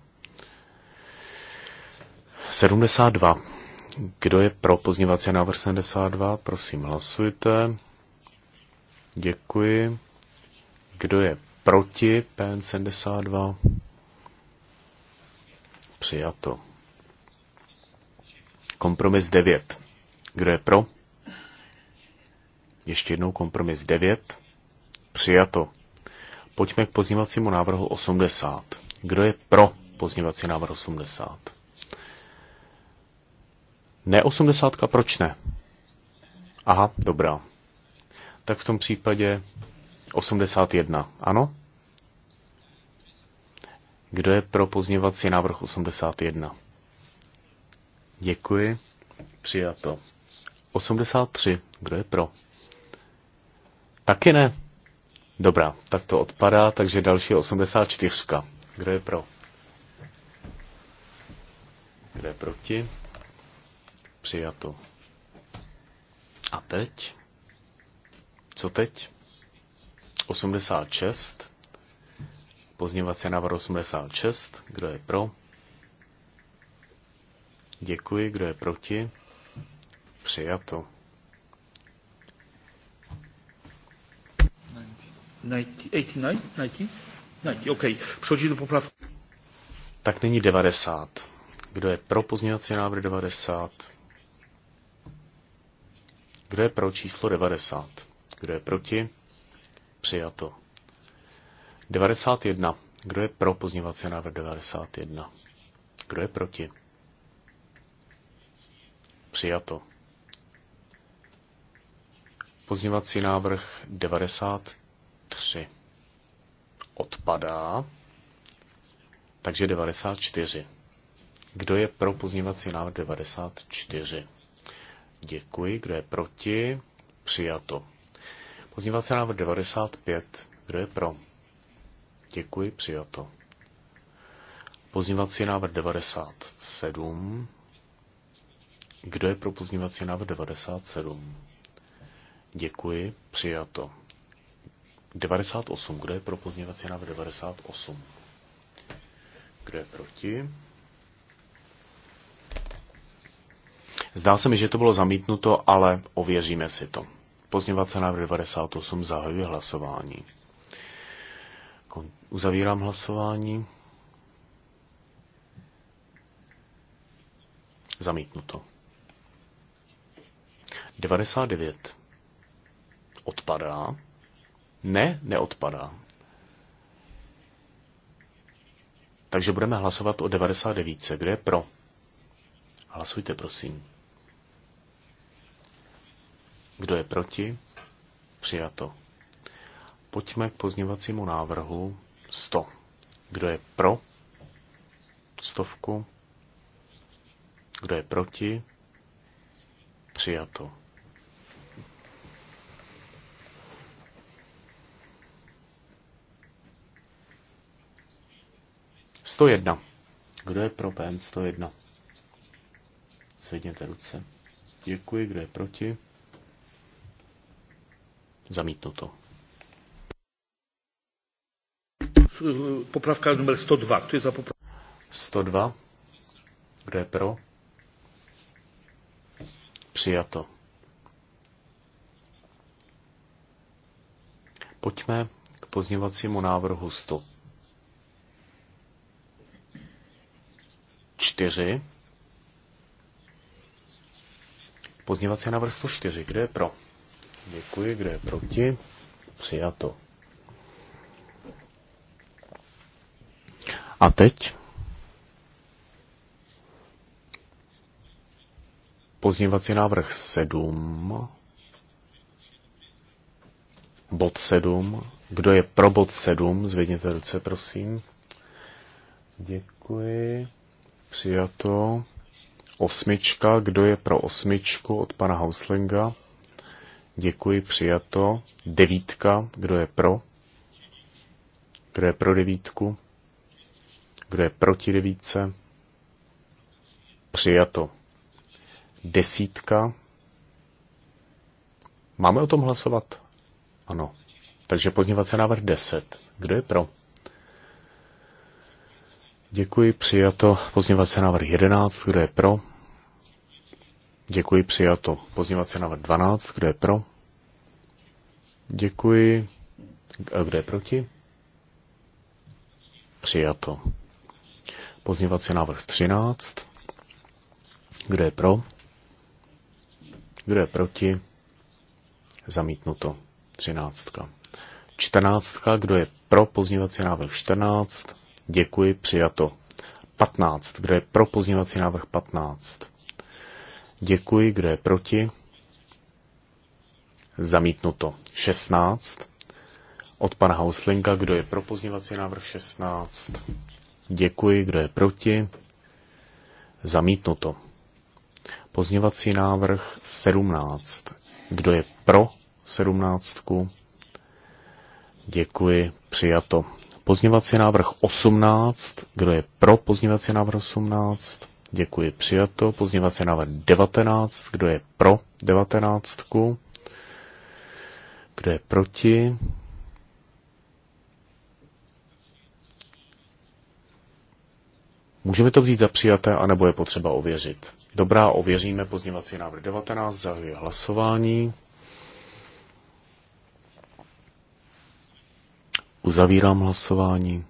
72. Kdo je pro pozněvací návrh 72? Prosím, hlasujte. Děkuji. Kdo je proti PN 72? Přijato. Kompromis 9. Kdo je pro? Ještě jednou kompromis 9. Přijato. Pojďme k pozněvacímu návrhu 80. Kdo je pro pozněvací návrh 80? Ne 80, proč ne? Aha, dobrá. Tak v tom případě 81, ano? Kdo je pro pozněvací návrh 81? Děkuji. Přijato. 83. Kdo je pro? Taky ne. Dobrá, tak to odpadá, takže další 84. Kdo je pro? Kdo je proti? Přijato. A teď? Co teď? 86. Pozněvací návrh 86. Kdo je pro? Děkuji. Kdo je proti? Přijato. 89? 90? OK. Přechodí do poplatku. Tak nyní 90. Kdo je pro pozměňovací návrh 90? Kdo je pro číslo 90? Kdo je proti? Přijato. 91. Kdo je pro pozměňovací návrh 91? Kdo je proti? Přijato. Pozměňovací návrh 93. 3 odpadá, takže 94. Kdo je pro pozměvací návrh 94? Děkuji. Kdo je proti? Přijato. Pozměvací návrh 95. Kdo je pro? Děkuji. Přijato. Pozměvací návrh 97. Kdo je pro pozměvací návrh 97? Děkuji. Přijato. 98. Kdo je pro pozměňovací návrh 98? Kdo je proti? Zdá se mi, že to bylo zamítnuto, ale ověříme si to. Pozměňovací návrh 98 zahajuje hlasování. Uzavírám hlasování. Zamítnuto. 99 odpadá. Ne, neodpadá. Takže budeme hlasovat o 99. Kdo je pro? Hlasujte, prosím. Kdo je proti? Přijato. Pojďme k pozněvacímu návrhu 100. Kdo je pro? Stovku. Kdo je proti? Přijato. 101. Kdo je pro PN 101? Zvedněte ruce. Děkuji. Kdo je proti? Zamítnuto. Popravka numer 102. Kdo je za popravku? 102. Kdo je pro? Přijato. Pojďme k pozněvacímu návrhu 105. 104. Pozněvací návrh 104. Kde je pro? Děkuji. Kde je proti? Přijato. A teď? Pozněvací návrh 7. Bod 7. Kdo je pro bod 7? Zvedněte ruce, prosím. Děkuji. Přijato. Osmička, kdo je pro osmičku od pana Hauslinga? Děkuji, přijato. Devítka, kdo je pro? Kdo je pro devítku? Kdo je proti devítce? Přijato. Desítka. Máme o tom hlasovat? Ano. Takže se návrh 10. Kdo je pro? Děkuji, přijato. Pozněvací návrh 11, kdo je pro? Děkuji, přijato. Pozněvací návrh 12, kdo je pro? Děkuji. A kdo je proti? Přijato. Pozněvací návrh 13. Kdo je pro? Kdo je proti? Zamítnuto. 13. 14. Kdo je pro pozněvací návrh 14? Děkuji, přijato. 15. Kdo je pro pozměňovací návrh 15? Děkuji, kdo je proti? Zamítnuto. 16. Od pana Hauslinka, kdo je pro pozměňovací návrh 16? Děkuji, kdo je proti? Zamítnuto. Pozněvací návrh 17. Kdo je pro 17? Děkuji, přijato. Pozněvací návrh 18. Kdo je pro pozněvací návrh 18? Děkuji, přijato. Pozněvací návrh 19. Kdo je pro 19? Kdo je proti? Můžeme to vzít za přijaté, anebo je potřeba ověřit. Dobrá, ověříme pozněvací návrh 19, zahajuji hlasování. Uzavírám hlasování.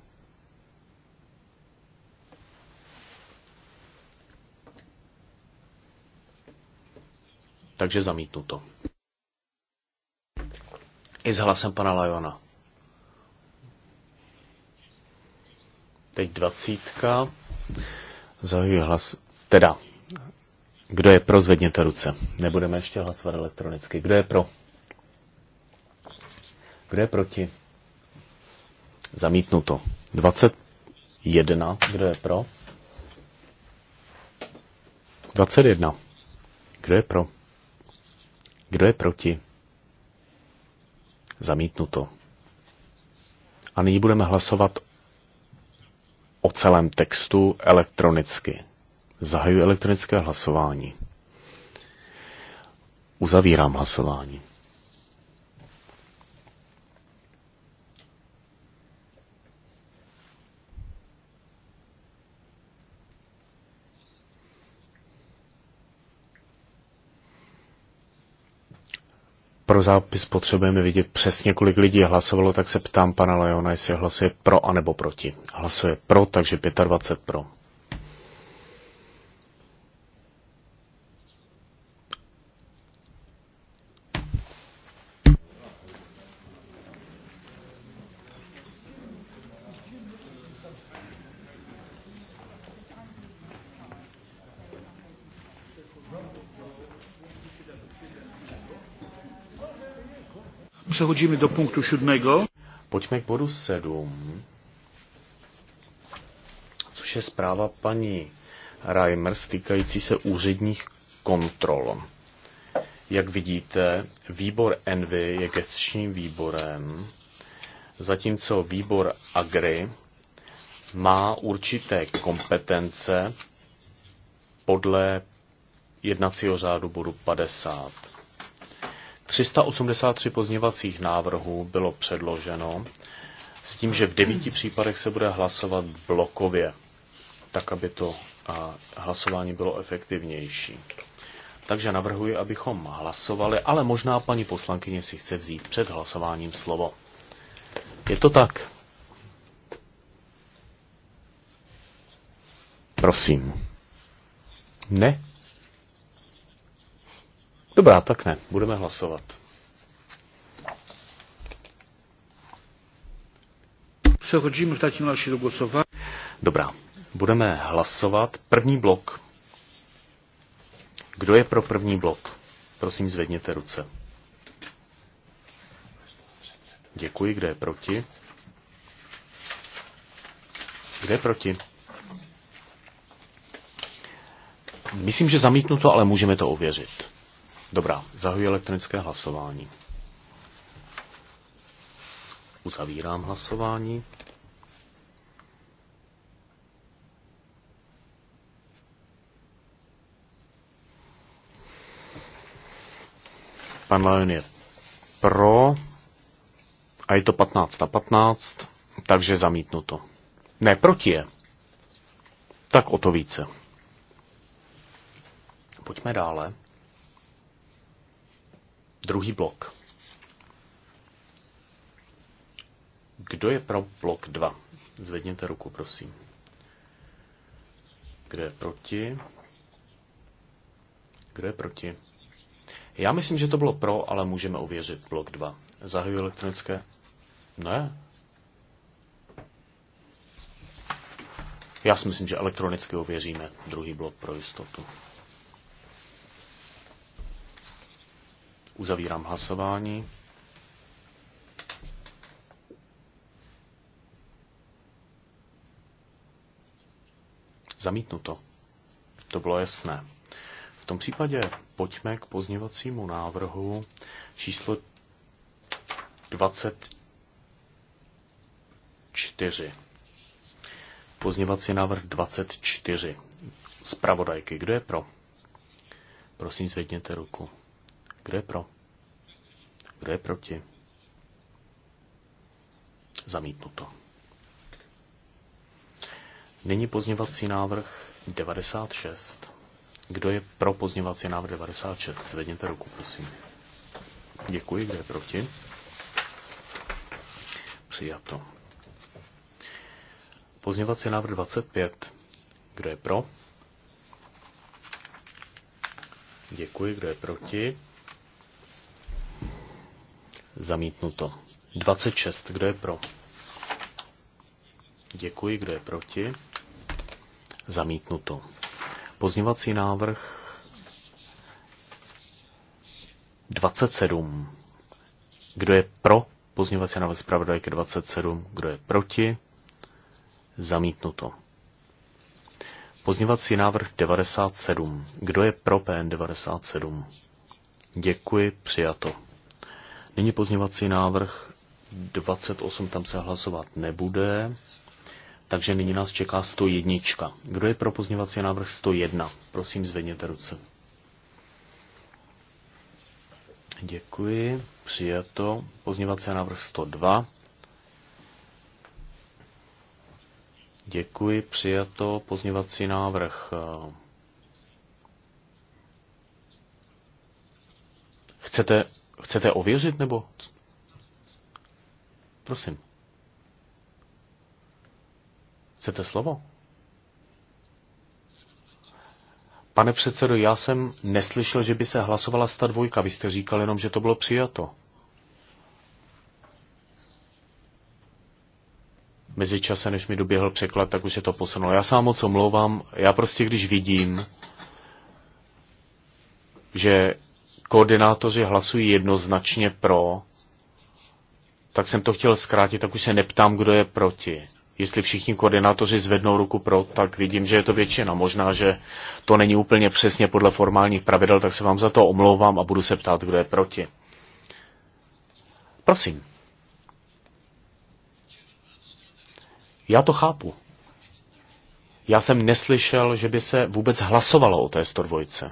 Takže zamítnu to. I s hlasem pana Lajona. Teď dvacítka. Zahajuji hlas. Teda, kdo je pro, zvedněte ruce. Nebudeme ještě hlasovat elektronicky. Kdo je pro? Kdo je proti? Zamítnuto. 21. Kdo je pro? 21. Kdo je pro? Kdo je proti? Zamítnuto. A nyní budeme hlasovat o celém textu elektronicky. Zahajuji elektronické hlasování. Uzavírám hlasování. Pro zápis potřebujeme vidět přesně, kolik lidí hlasovalo, tak se ptám pana Leona, jestli hlasuje pro anebo proti. Hlasuje pro, takže 25 pro. přehodíme do punktu 7. Pojďme k bodu 7, což je zpráva paní Reimer týkající se úředních kontrol. Jak vidíte, výbor Envy je gestčním výborem, zatímco výbor Agri má určité kompetence podle jednacího řádu bodu 50. 383 pozněvacích návrhů bylo předloženo s tím, že v devíti případech se bude hlasovat blokově, tak aby to hlasování bylo efektivnější. Takže navrhuji, abychom hlasovali, ale možná paní poslankyně si chce vzít před hlasováním slovo. Je to tak? Prosím. Ne? Dobrá, tak ne, budeme hlasovat. Přechodíme v tatím naši do hlasování. Dobrá, budeme hlasovat první blok. Kdo je pro první blok? Prosím, zvedněte ruce. Děkuji, kde je proti? Kde je proti? Myslím, že zamítnu to, ale můžeme to ověřit. Dobrá, zahuji elektronické hlasování. Uzavírám hlasování. Pan Leon je pro a je to 15 na 15, takže zamítnu to. Ne, proti je. Tak o to více. Pojďme dále. Druhý blok. Kdo je pro blok 2? Zvedněte ruku, prosím. Kdo je proti? Kdo je proti? Já myslím, že to bylo pro, ale můžeme ověřit blok 2. Zahajuji elektronické... Ne? Já si myslím, že elektronicky ověříme druhý blok pro jistotu. Uzavírám hlasování. Zamítnuto. To bylo jasné. V tom případě pojďme k pozněvacímu návrhu číslo 24. Pozněvací návrh 24. Zpravodajky, kdo je pro? Prosím, zvedněte ruku. Kdo je pro? Kdo je proti? Zamítnuto. Nyní pozněvací návrh 96. Kdo je pro pozněvací návrh 96? Zvedněte ruku, prosím. Děkuji. Kdo je proti? Přijato. Pozněvací návrh 25. Kdo je pro? Děkuji. Kdo je proti? Zamítnuto. 26. Kdo je pro? Děkuji. Kdo je proti? Zamítnuto. Pozněvací návrh 27. Kdo je pro? Pozněvací návrh zpravodajky 27. Kdo je proti? Zamítnuto. Pozněvací návrh 97. Kdo je pro PN 97? Děkuji, přijato. Nyní pozněvací návrh 28, tam se hlasovat nebude. Takže nyní nás čeká 101. Kdo je pro pozněvací návrh 101? Prosím, zvedněte ruce. Děkuji. Přijato. Pozněvací návrh 102. Děkuji. Přijato. Pozněvací návrh. Eh, chcete Chcete ověřit, nebo? Prosím. Chcete slovo? Pane předsedo, já jsem neslyšel, že by se hlasovala sta dvojka. Vy jste říkal jenom, že to bylo přijato. Mezi čase, než mi doběhl překlad, tak už je to posunulo. Já sám moc omlouvám. Já prostě, když vidím, že koordinátoři hlasují jednoznačně pro, tak jsem to chtěl zkrátit, tak už se neptám, kdo je proti. Jestli všichni koordinátoři zvednou ruku pro, tak vidím, že je to většina. Možná, že to není úplně přesně podle formálních pravidel, tak se vám za to omlouvám a budu se ptát, kdo je proti. Prosím. Já to chápu. Já jsem neslyšel, že by se vůbec hlasovalo o té stodvojce.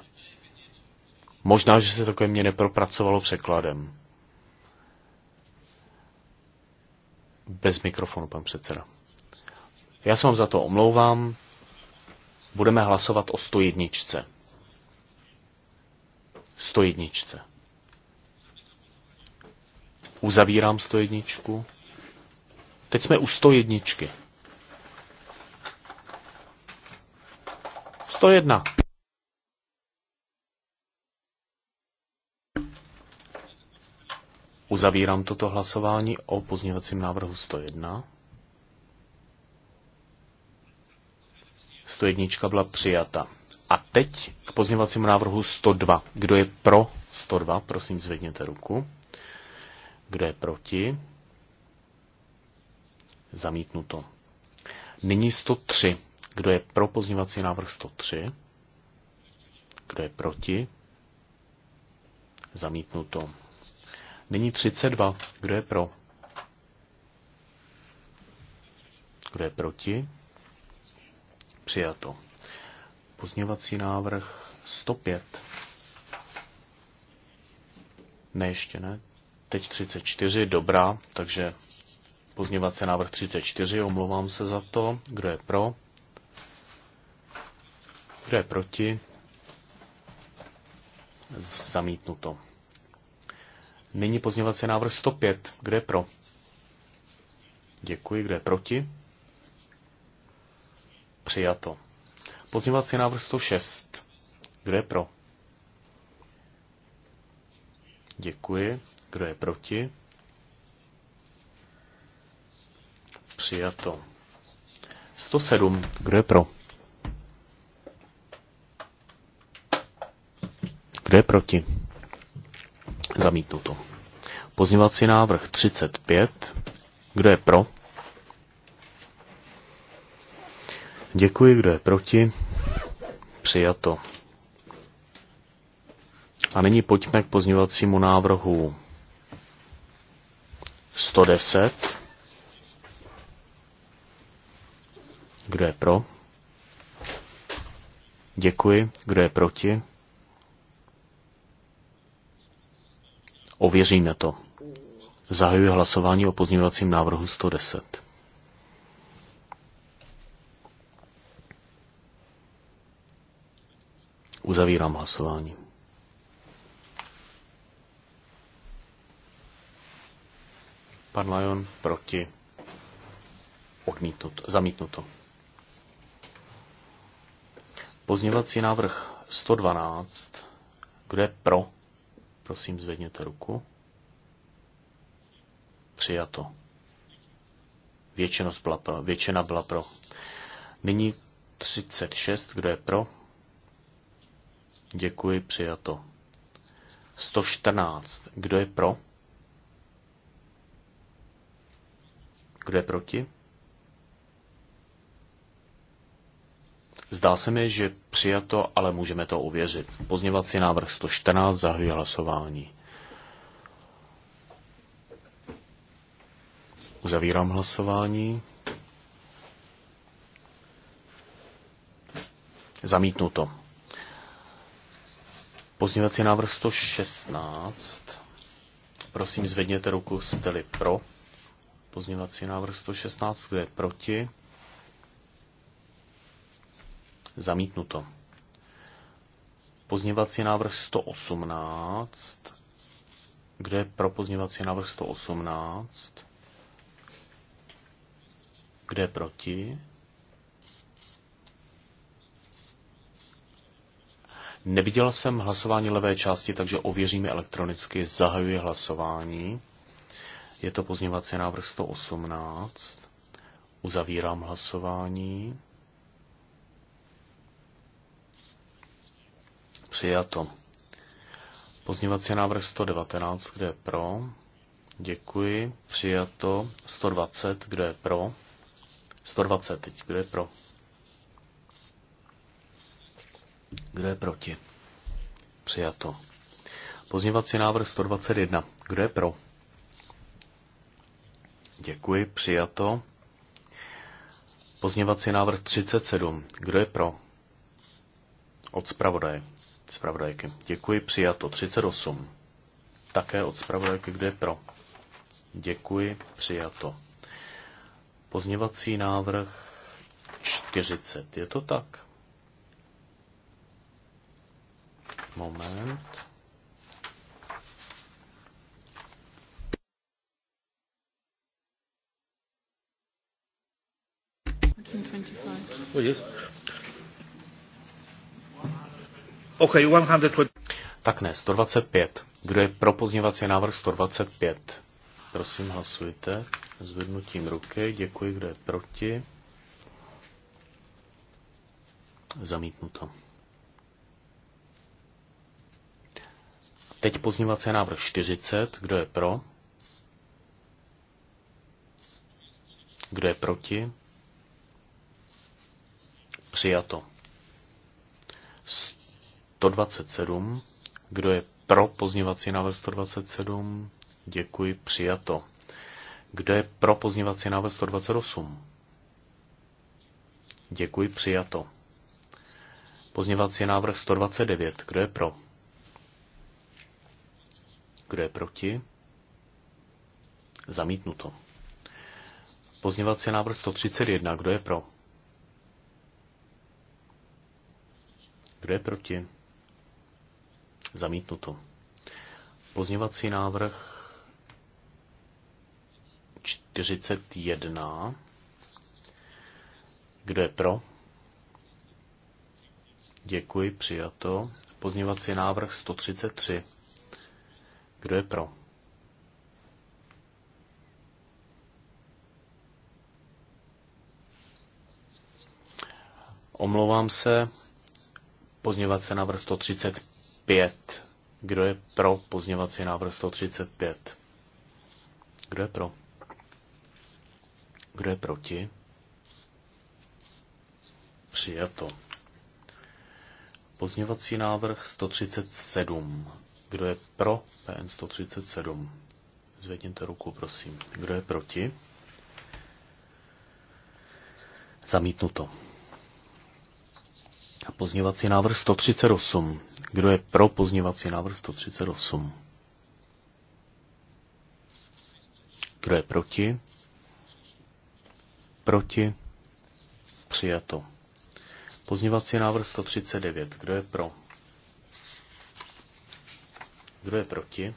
Možná, že se to ke mně nepropracovalo překladem. Bez mikrofonu, pan předseda. Já se vám za to omlouvám. Budeme hlasovat o 101. 101. Uzavírám 101. Teď jsme u 101. 101. Uzavírám toto hlasování o pozměňovacím návrhu 101. 101 byla přijata. A teď k pozměňovacímu návrhu 102. Kdo je pro 102, prosím zvedněte ruku. Kdo je proti? Zamítnuto. Nyní 103. Kdo je pro pozměňovací návrh 103? Kdo je proti? Zamítnuto. Nyní 32. Kdo je pro? Kdo je proti? Přijato. Pozměvací návrh 105. Ne, ještě ne. Teď 34, dobrá, takže pozměvací návrh 34, omlouvám se za to. Kdo je pro? Kdo je proti? Zamítnuto. Nyní pozměňovací návrh 105. Kde je pro? Děkuji. Kde je proti? Přijato. Pozměňovací návrh 106. Kde je pro? Děkuji. Kdo je proti? Přijato. 107. Kdo je pro? Kdo je proti? Zamítnuto. Pozněvací návrh 35. Kdo je pro? Děkuji, kdo je proti? Přijato. A nyní pojďme k pozněvacímu návrhu 110. Kdo je pro? Děkuji. Kdo je proti? Ověříme to. Zahajuji hlasování o pozměňovacím návrhu 110. Uzavírám hlasování. Pan Lajon proti. Odmítnut, zamítnuto. Pozněvací návrh 112. Kdo je pro? Prosím, zvedněte ruku. Přijato. Většinost byla pro. Většina byla pro. Nyní 36, kdo je pro? Děkuji, přijato. 114, kdo je pro? Kdo je proti? Zdá se mi, že přijato, ale můžeme to uvěřit. Pozněvací návrh 114 zahajuje hlasování. Uzavírám hlasování. Zamítnuto. Pozněvací návrh 116. Prosím, zvedněte ruku, jste pro. Pozněvací návrh 116, kdo je proti? Zamítnuto. Pozněvací návrh 118. Kdo je pro pozněvací návrh 118? Kdo je proti? Neviděla jsem hlasování levé části, takže ověříme elektronicky. Zahajuji hlasování. Je to pozněvací návrh 118. Uzavírám hlasování. Přijato. Pozněvací návrh 119, kde je pro? Děkuji. Přijato. 120, kde je pro? 120 teď, kde je pro? Kdo je proti? Přijato. Pozněvací návrh 121. Kdo je pro? Děkuji, přijato. Pozněvací návrh 37. Kdo je pro? Od zpravodaje zpravodajky. Děkuji, přijato 38. Také od zpravodajky, kde je pro. Děkuji, přijato. Pozněvací návrh 40. Je to tak? Moment. Oh, yes. Okay, 120. Tak ne, 125. Kdo je pro pozněvací návrh 125? Prosím, hlasujte. Zvednutím ruky. Děkuji, kdo je proti. Zamítnuto. Teď pozněvací návrh 40. Kdo je pro? Kdo je proti? Přijato. 127. Kdo je pro pozněvací návrh 127? Děkuji, přijato. Kdo je pro pozněvací návrh 128? Děkuji, přijato. Pozněvací návrh 129. Kdo je pro? Kdo je proti? Zamítnuto. Pozněvací návrh 131. Kdo je pro? Kdo je proti? Zamítnuto. Pozněvací návrh 41. Kdo je pro? Děkuji, přijato. Pozněvací návrh 133. Kdo je pro? Omlouvám se. Pozněvací návrh 135 135. Kdo je pro pozněvací návrh 135? Kdo je pro? Kdo je proti? Přijato. Pozněvací návrh 137. Kdo je pro PN 137? Zvedněte ruku, prosím. Kdo je proti? Zamítnuto. Pozněvací návrh 138. Kdo je pro pozněvací návrh 138? Kdo je proti? Proti? Přijato. Pozněvací návrh 139. Kdo je pro? Kdo je proti?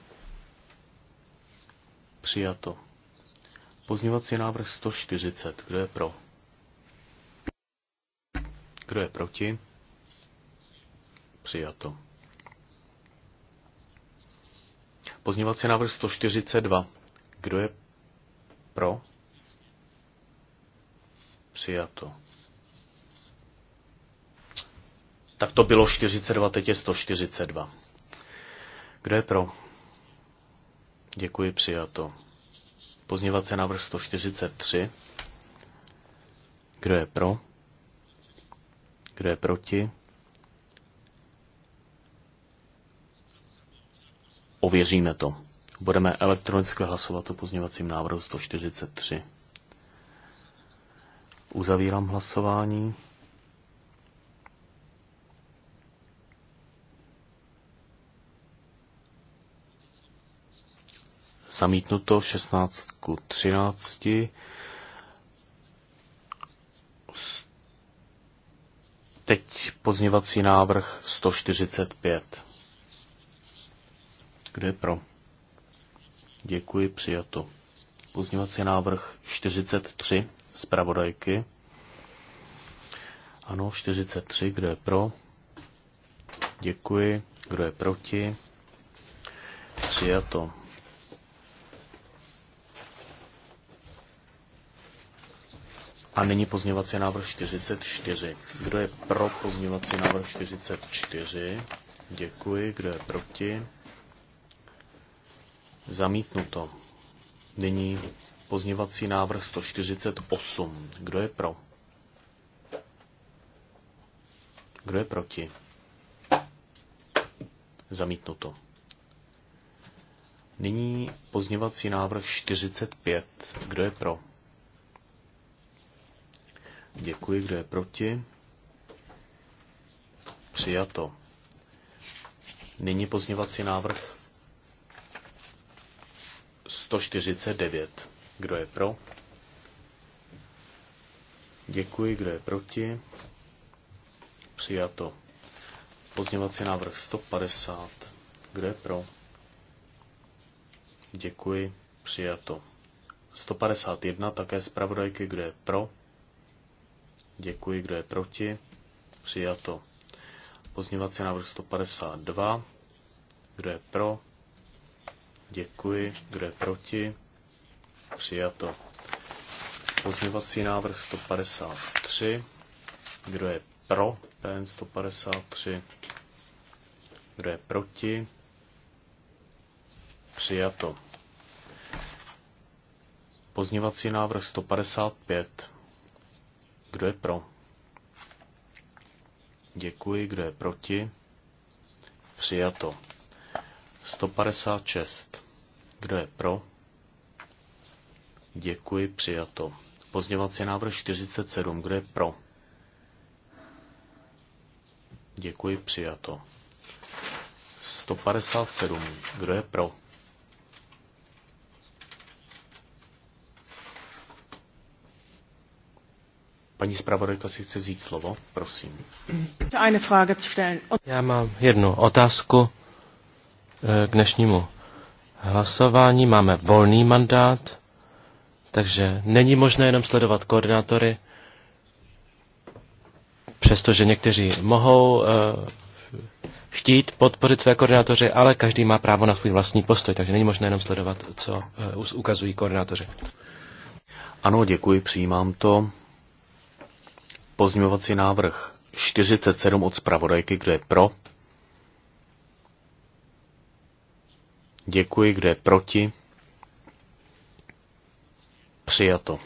Přijato. Pozněvací návrh 140. Kdo je pro? Kdo je proti? Přijato. Pozněvací návrh 142. Kdo je pro? Přijato. Tak to bylo 42, teď je 142. Kdo je pro? Děkuji, přijato. Pozněvací návrh 143. Kdo je pro? Kdo je proti? Ověříme to. Budeme elektronicky hlasovat o pozněvacím návrhu 143. Uzavírám hlasování. Zamítnuto 16 k 13. 100 teď pozněvací návrh 145. Kdo je pro? Děkuji, přijato. Pozněvací návrh 43 zpravodajky. Ano, 43, kdo je pro? Děkuji. Kdo je proti? Přijato. A nyní pozněvací návrh 44. Kdo je pro pozněvací návrh 44? Děkuji. Kdo je proti? Zamítnuto. Nyní pozněvací návrh 148. Kdo je pro? Kdo je proti? Zamítnuto. Nyní pozněvací návrh 45. Kdo je pro? Děkuji, kdo je proti? Přijato. Nyní pozněvací návrh 149. Kdo je pro? Děkuji. Kdo je proti? Přijato. Pozněvací návrh 150. Kdo je pro? Děkuji. Přijato. 151 také zpravodajky, kdo je pro. Děkuji, kdo je proti. Přijato. Pozněvací návrh 152. Kdo je pro? Děkuji. Kdo je proti? Přijato. Pozměvací návrh 153. Kdo je pro PN 153? Kdo je proti? Přijato. Pozněvací návrh 155. Kdo je pro? Děkuji. Kdo je proti? Přijato. 156. Kdo je pro? Děkuji, přijato. Pozděvací návrh 47. Kdo je pro? Děkuji, přijato. 157. Kdo je pro? Paní zpravodajka si chce vzít slovo, prosím. Já mám jednu otázku. Eh, k dnešnímu hlasování. Máme volný mandát, takže není možné jenom sledovat koordinátory, přestože někteří mohou eh, chtít podpořit své koordinátoře, ale každý má právo na svůj vlastní postoj, takže není možné jenom sledovat, co eh, ukazují koordinátoři. Ano, děkuji, přijímám to. Pozměňovací návrh 47 od zpravodajky, kdo je pro, Děkuji, kde je proti. Přijato.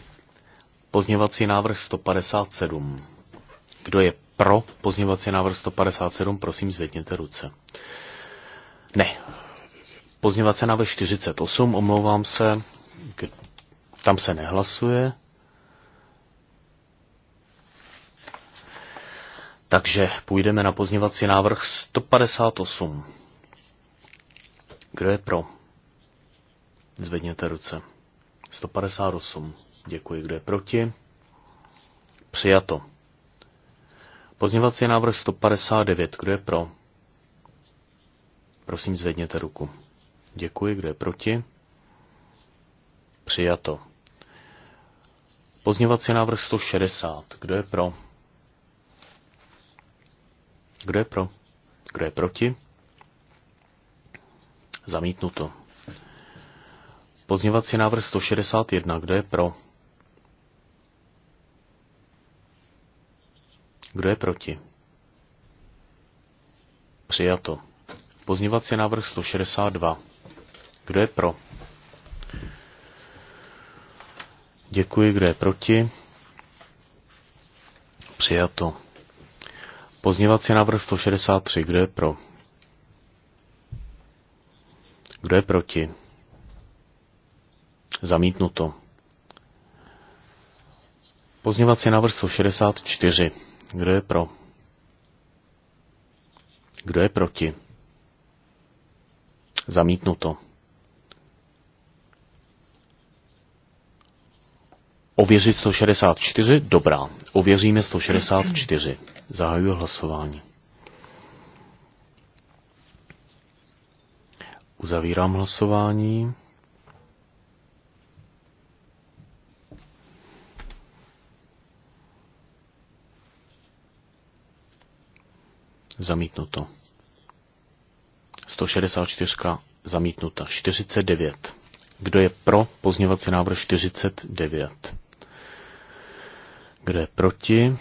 Pozněvací návrh 157. Kdo je pro pozněvací návrh 157, prosím zvedněte ruce. Ne. Pozněvací návrh 48, omlouvám se, tam se nehlasuje. Takže půjdeme na pozněvací návrh 158. Kdo je pro? Zvedněte ruce. 158. Děkuji. Kdo je proti? Přijato. Pozněvací návrh 159. Kdo je pro? Prosím, zvedněte ruku. Děkuji. Kdo je proti? Přijato. Pozněvací návrh 160. Kdo je pro? Kdo je pro? Kdo je proti? Zamítnuto. Pozněvací návrh 161. Kdo je pro? Kdo je proti? Přijato. Pozněvací návrh 162. Kdo je pro? Děkuji, kdo je proti? Přijato. Pozněvací návrh 163. Kdo je pro? Kdo je proti? Zamítnuto. Pozněvací návrh 164. Kdo je pro? Kdo je proti? Zamítnuto. Ověřit 164? Dobrá. Ověříme 164. Zahajuji hlasování. Uzavírám hlasování. Zamítnuto. 164 zamítnuta. 49. Kdo je pro pozněvací návrh 49? Kdo je proti?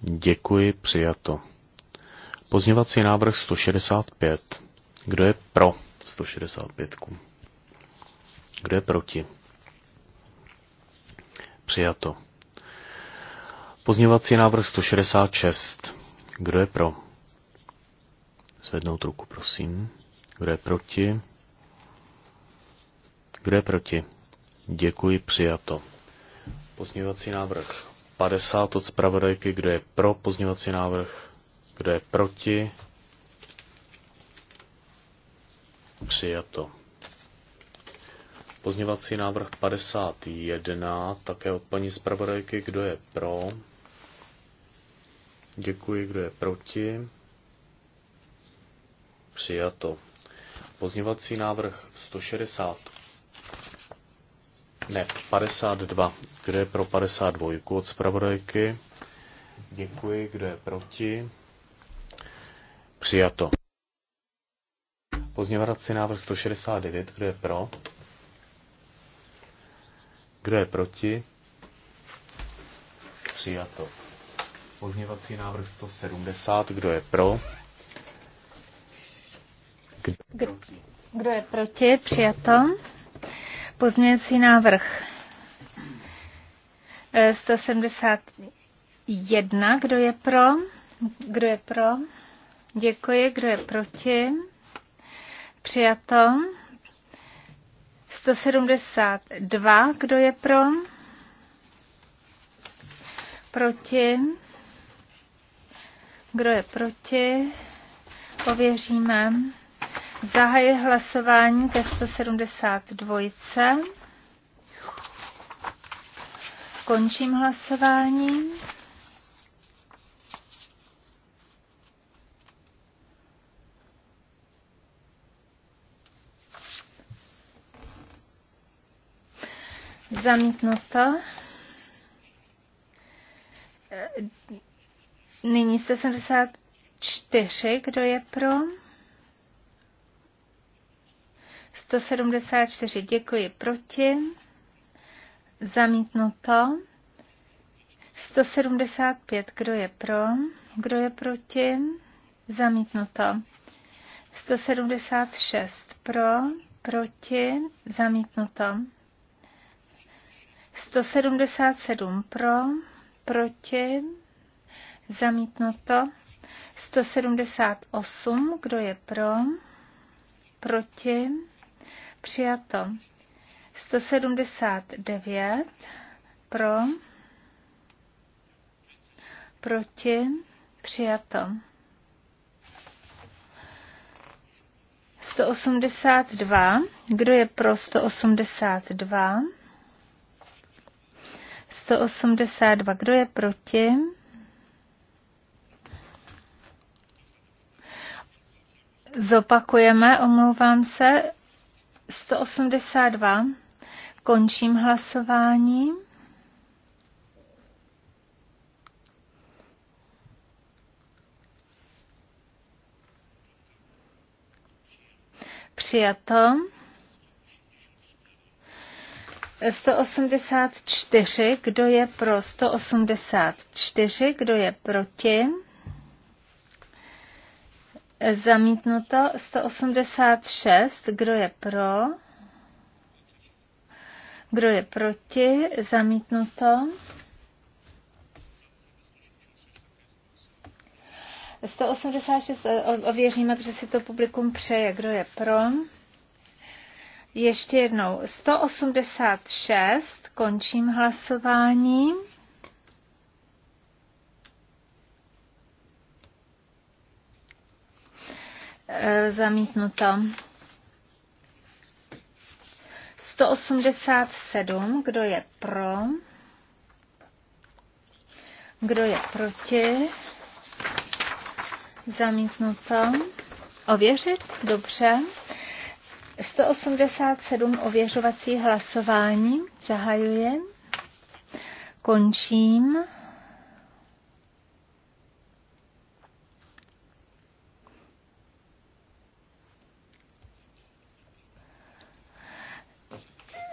Děkuji, přijato. Pozněvací návrh 165. Kdo je pro 165? Kdo je proti? Přijato. Pozněvací návrh 166. Kdo je pro? Zvednout ruku, prosím. Kdo je proti? Kdo je proti? Děkuji, přijato. Pozněvací návrh 50 od zpravodajky. Kdo je pro pozněvací návrh? Kdo je proti? Přijato. Pozněvací návrh 51, také od paní zpravodajky, kdo je pro. Děkuji, kdo je proti. Přijato. Pozněvací návrh 160. Ne, 52. Kdo je pro 52 od zpravodajky? Děkuji, kdo je proti? Přijato. Pozměňovací návrh 169, kdo je pro? Kdo je proti? Přijato. Pozměňovací návrh 170, kdo je pro? Kdo, Kdo je proti? Přijato. Pozměňovací návrh 171, eh, kdo je pro? Kdo je pro? Děkuji, kdo je proti? Přijato. 172. Kdo je pro? Proti. Kdo je proti? Ověříme. Zahajuji hlasování ke 172. Končím hlasování. Zamítnuto. Nyní 174, kdo je pro? 174, děkuji, proti. Zamítnuto. 175, kdo je pro? Kdo je proti? Zamítnuto. 176 pro, proti, zamítnuto. 177 pro, proti, zamítnuto. 178, kdo je pro, proti, přijato. 179 pro, proti, přijato. 182, kdo je pro 182? 182. Kdo je proti? Zopakujeme, omlouvám se. 182. Končím hlasování. Přijatom. 184, kdo je pro 184, kdo je proti. Zamítnuto 186, kdo je pro, kdo je proti, zamítnuto. 186 ověříme, protože si to publikum přeje, kdo je pro. Ještě jednou 186, končím hlasování. Eh, zamítnuto. 187, kdo je pro? Kdo je proti? Zamítnuto. Ověřit? Dobře. 187 ověřovací hlasování zahajuje. Končím.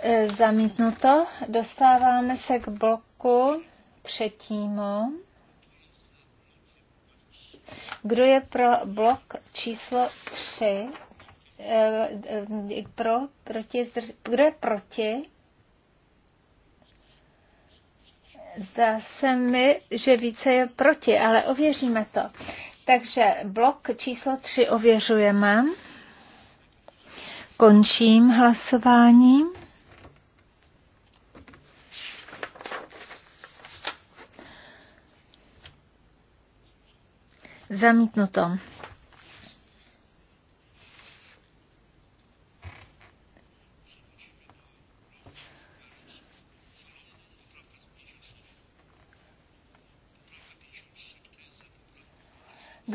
E, zamítnuto. Dostáváme se k bloku třetímu. Kdo je pro blok číslo 3? Eh, eh, pro, proti, kdo je proti? Zdá se mi, že více je proti, ale ověříme to. Takže blok číslo 3 ověřujeme. Končím hlasováním. Zamítnuto.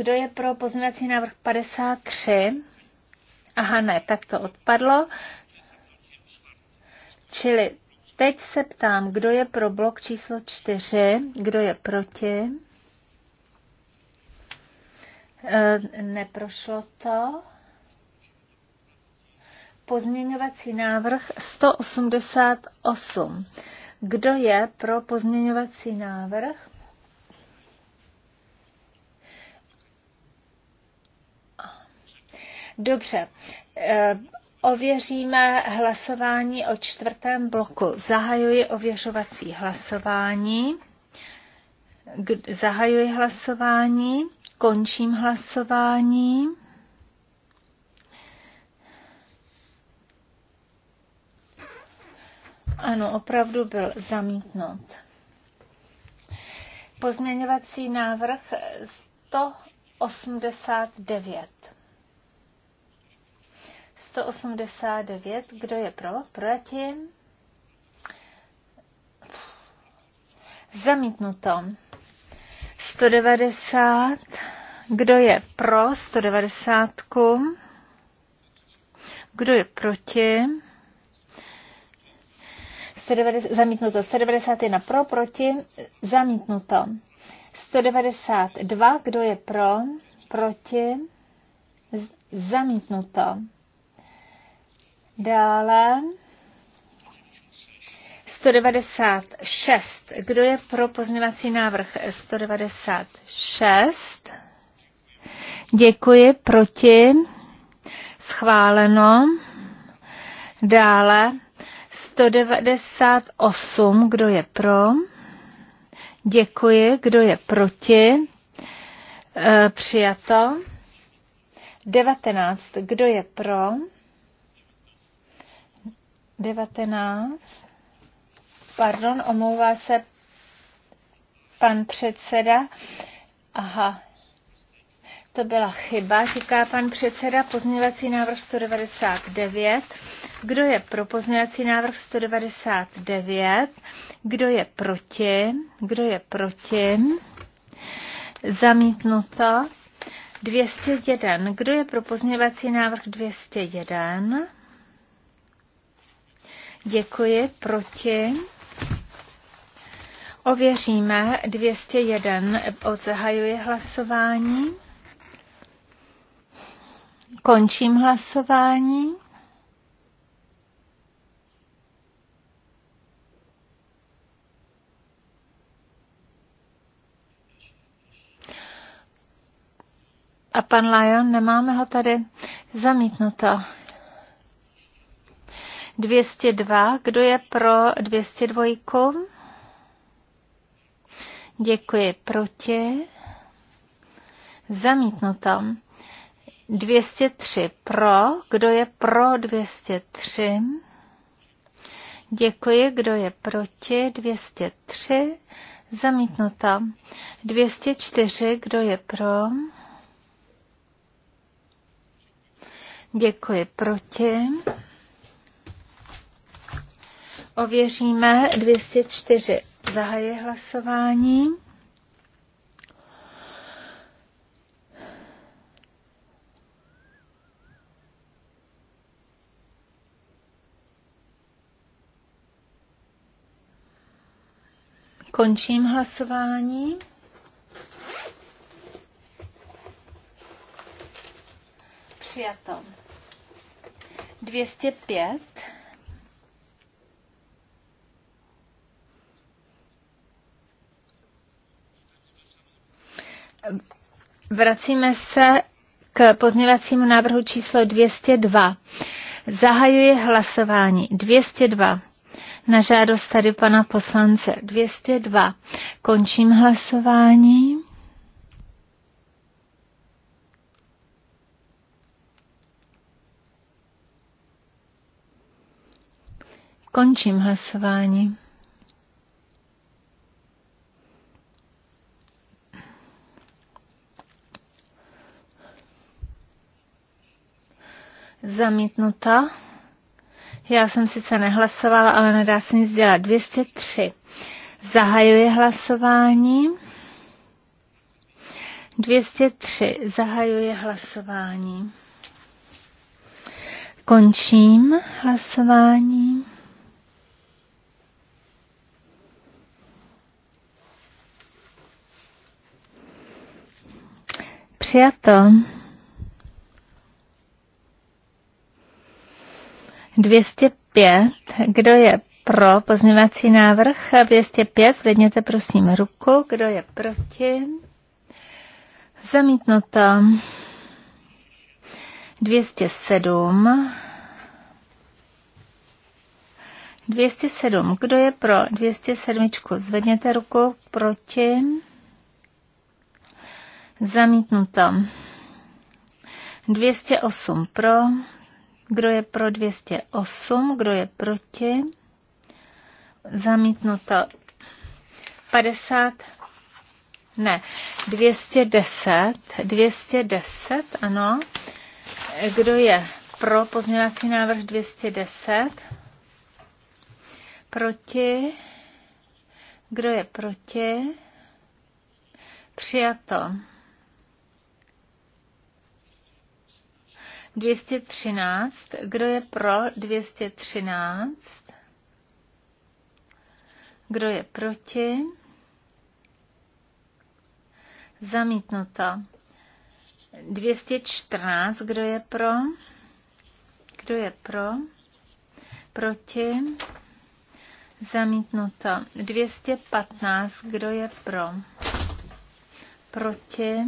Kdo je pro pozměňovací návrh 53? Aha, ne, tak to odpadlo. Čili teď se ptám, kdo je pro blok číslo 4, kdo je proti. E, neprošlo to. Pozměňovací návrh 188. Kdo je pro pozměňovací návrh? Dobře, eh, ověříme hlasování o čtvrtém bloku. Zahajuji ověřovací hlasování. Zahajuji hlasování, končím hlasování. Ano, opravdu byl zamítnut. Pozměňovací návrh 189. 189, kdo je pro, proti? Zamítnuto. 190, kdo je pro 190? Kdo je proti? 190, zamítnuto. 191 pro, proti, zamítnuto. 192, kdo je pro, proti, zamítnuto. Dále 196. Kdo je pro pozměvací návrh 196? Děkuji. Proti? Schváleno. Dále 198. Kdo je pro? Děkuji. Kdo je proti? E, přijato. 19. Kdo je pro? 19. Pardon, omlouvá se pan předseda. Aha, to byla chyba, říká pan předseda. Pozměňovací návrh 199. Kdo je pro pozměňovací návrh 199? Kdo je proti? Kdo je proti? Zamítnuto. 201. Kdo je pro pozměňovací návrh 201? Děkuji. Proti? Ověříme 201. Odzahajuji hlasování. Končím hlasování. A pan Lajon, nemáme ho tady zamítnuto. 202. Kdo je pro 202? Děkuji. Proti? Zamítnuto. 203 pro. Kdo je pro 203? Děkuji. Kdo je proti 203? Zamítnuto. 204. Kdo je pro? Děkuji. Proti? Ověříme 204. Zahaje hlasování. Končím hlasování. Přijato. 205. Vracíme se k pozměvacímu návrhu číslo 202. Zahajuji hlasování 202. Na žádost tady pana poslance 202. Končím hlasování. Končím hlasování. Zamítnuto. Já jsem sice nehlasovala, ale nedá se nic dělat. 203. Zahajuji hlasování. 203. Zahajuji hlasování. Končím hlasování. Přijato. 205. Kdo je pro pozměvací návrh 205? Zvedněte prosím ruku. Kdo je proti? Zamítnuto. 207. 207. Kdo je pro 207? Zvedněte ruku proti. Zamítnuto. 208 pro kdo je pro 208, kdo je proti? Zamítnuto 50, ne, 210, 210, ano. Kdo je pro pozměňovací návrh 210? Proti? Kdo je proti? Přijato. 213. Kdo je pro 213? Kdo je proti? Zamítnuto. 214. Kdo je pro? Kdo je pro? Proti? Zamítnuto. 215. Kdo je pro? Proti?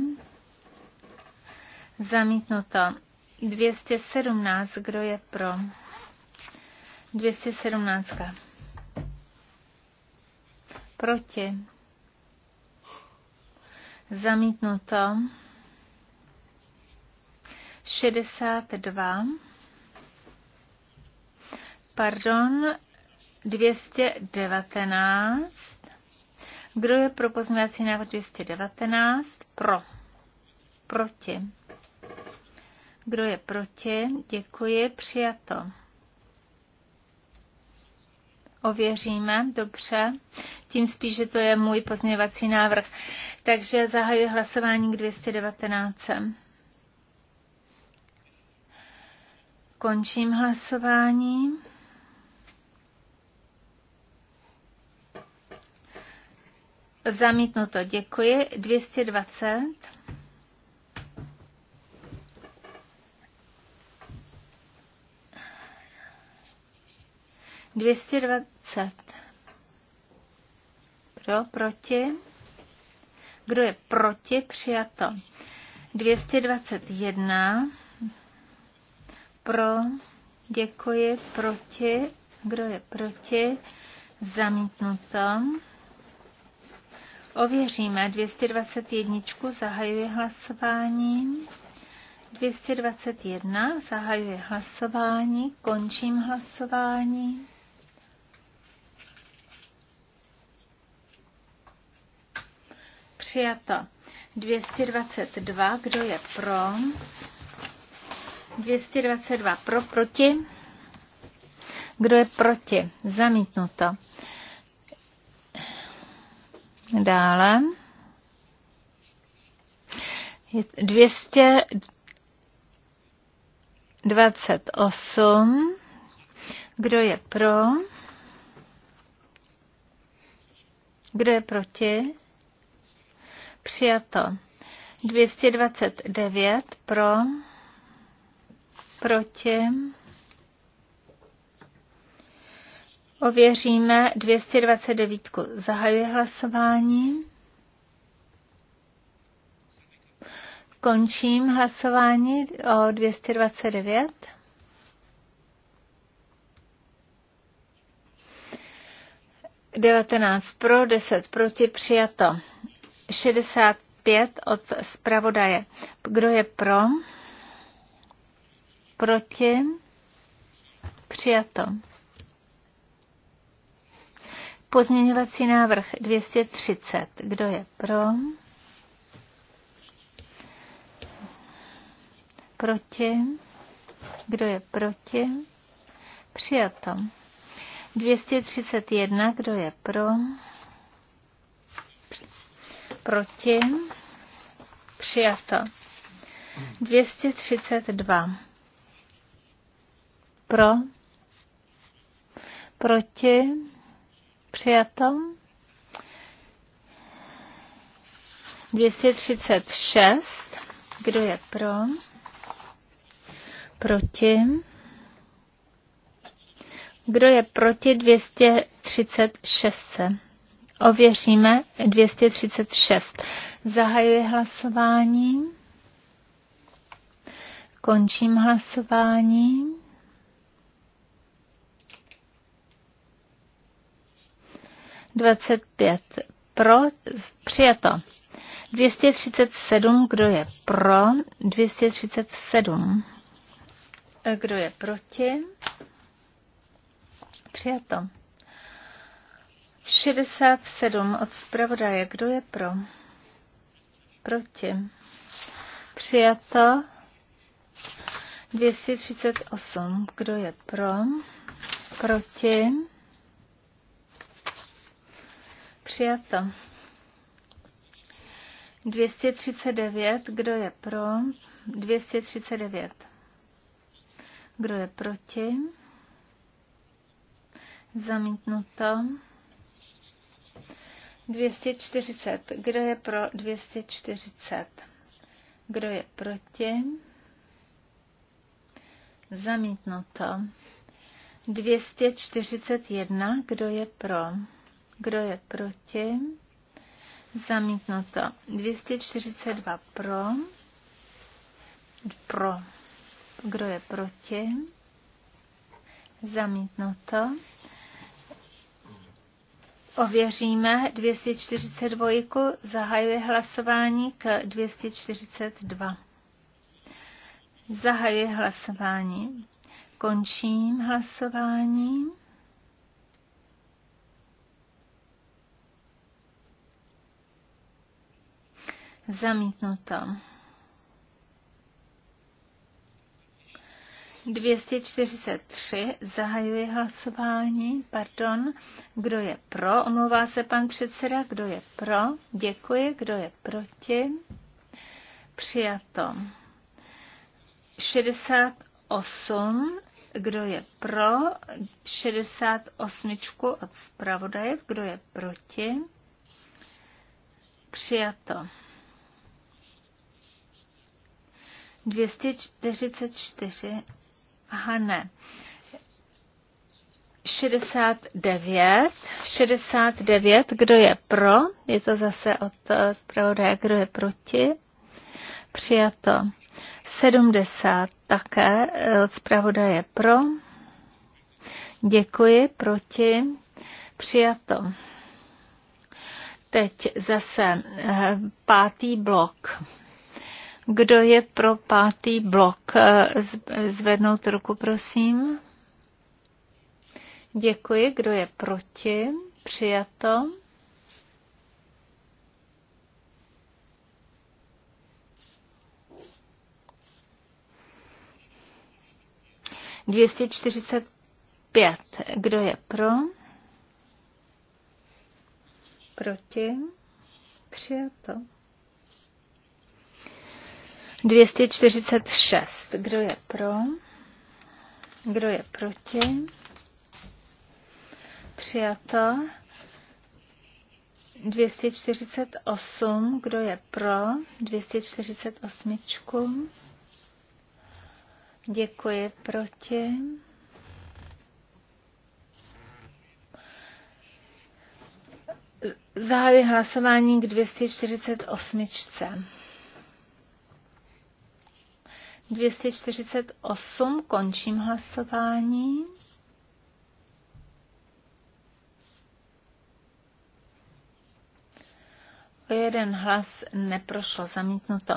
Zamítnuto. 217, kdo je pro? 217. Proti. Zamítnuto. 62. Pardon, 219. Kdo je pro pozměňovací návrh 219? Pro. Proti kdo je proti? Děkuji, přijato. Ověříme, dobře. Tím spíš, že to je můj pozměňovací návrh. Takže zahajuji hlasování k 219. Končím hlasování. Zamítnuto, děkuji. 220. 220. Pro, proti. Kdo je proti? Přijato. 221. Pro. Děkuji. Proti. Kdo je proti? Zamítnuto. Ověříme 221. Zahajuje hlasování. 221. Zahajuje hlasování. Končím hlasování. Přijato. 222, kdo je pro? 222 pro, proti? Kdo je proti? Zamítnuto. Dále. 228. Kdo je pro? Kdo je proti? Přijato. 229 pro, proti. Ověříme 229. Zahajuje hlasování. Končím hlasování o 229. Devatenáct pro, deset proti, přijato. 65 od zpravodaje. Kdo je pro? Proti? Přijato. Pozměňovací návrh 230. Kdo je pro? Proti? Kdo je proti? Přijato. 231. Kdo je pro? proti, přijato. 232 pro, proti, přijato. 236, kdo je pro, proti, kdo je proti 236? Ověříme 236. Zahajuji hlasování. Končím hlasování. Dvacet pět pro, přijato. 237, kdo je pro? 237. Kdo je proti? Přijato. 67 od zpravodaje. Kdo je pro? Proti. Přijato. 238. Kdo je pro? Proti. Přijato. 239. Kdo je pro? 239. Kdo je proti? Zamítnuto. 240. Kdo je pro 240? Kdo je proti? Zamítnuto. 241. Kdo je pro? Kdo je proti? Zamítnuto. 242 pro. Pro. Kdo je proti? Zamítnuto. Ověříme 242. Zahajuje hlasování k 242. Zahajuje hlasování. Končím hlasování. Zamítnuto. 243, zahajuji hlasování, pardon, kdo je pro, omlouvá se pan předseda, kdo je pro, děkuji, kdo je proti, přijato. 68, kdo je pro, 68 od zpravodaje, kdo je proti, přijato. 244 Hane. 69, 69, kdo je pro, je to zase od eh, zpravodaje, kdo je proti, přijato. 70 také eh, od zpravodaje pro, děkuji, proti, přijato. Teď zase eh, pátý blok kdo je pro pátý blok? Eh, zvednout ruku, prosím. Děkuji. Kdo je proti? Přijato. Dvěstě čtyřicet pět. Kdo je pro? Proti? Přijato. 246. Kdo je pro? Kdo je proti? Přijato. 248. Kdo je pro? 248. Děkuji proti. Zahajuji hlasování k 248. 248, končím hlasování. O jeden hlas neprošlo zamítnuto.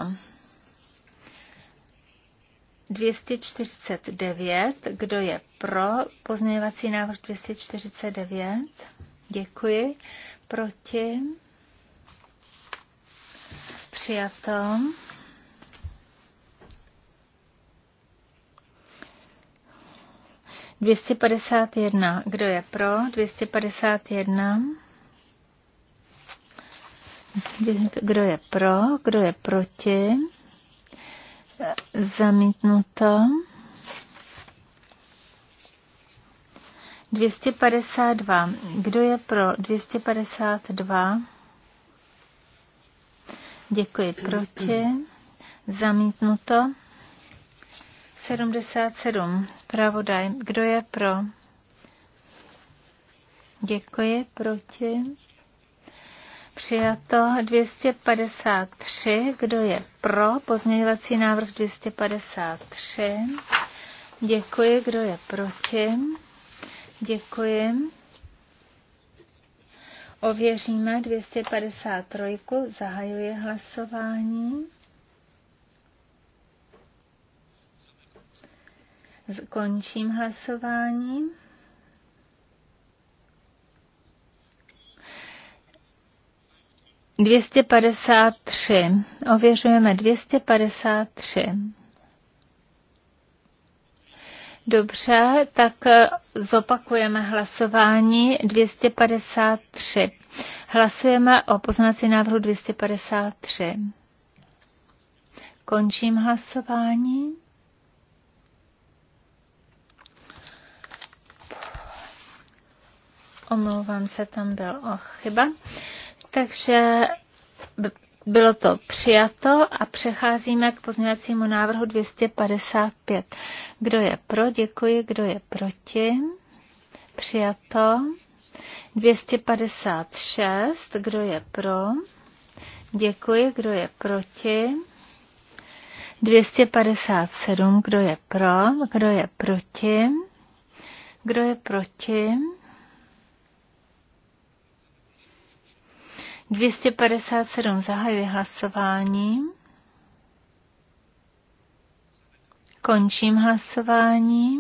249, kdo je pro pozměňovací návrh 249? Děkuji. Proti? Přijatom. 251. Kdo je pro? 251. Kdo je pro? Kdo je proti? Zamítnuto. 252. Kdo je pro 252? Děkuji proti. Zamítnuto. 77. Zpravodaj. Kdo je pro? Děkuji. Proti? Přijato 253. Kdo je pro? Pozměňovací návrh 253. Děkuji. Kdo je proti? Děkuji. Ověříme 253. Zahajuji hlasování. Končím hlasování. Dvěstě padesát tři. Ověřujeme dvěstě padesát tři. Dobře, tak eh, zopakujeme hlasování 253. Hlasujeme o poznací návrhu 253. Končím hlasování. Omlouvám se, tam byl o chyba. Takže bylo to přijato a přecházíme k pozměňovacímu návrhu 255. Kdo je pro? Děkuji. Kdo je proti? Přijato. 256. Kdo je pro? Děkuji. Kdo je proti? 257. Kdo je pro? Kdo je proti? Kdo je proti? 257 zahajuje hlasování. Končím hlasování.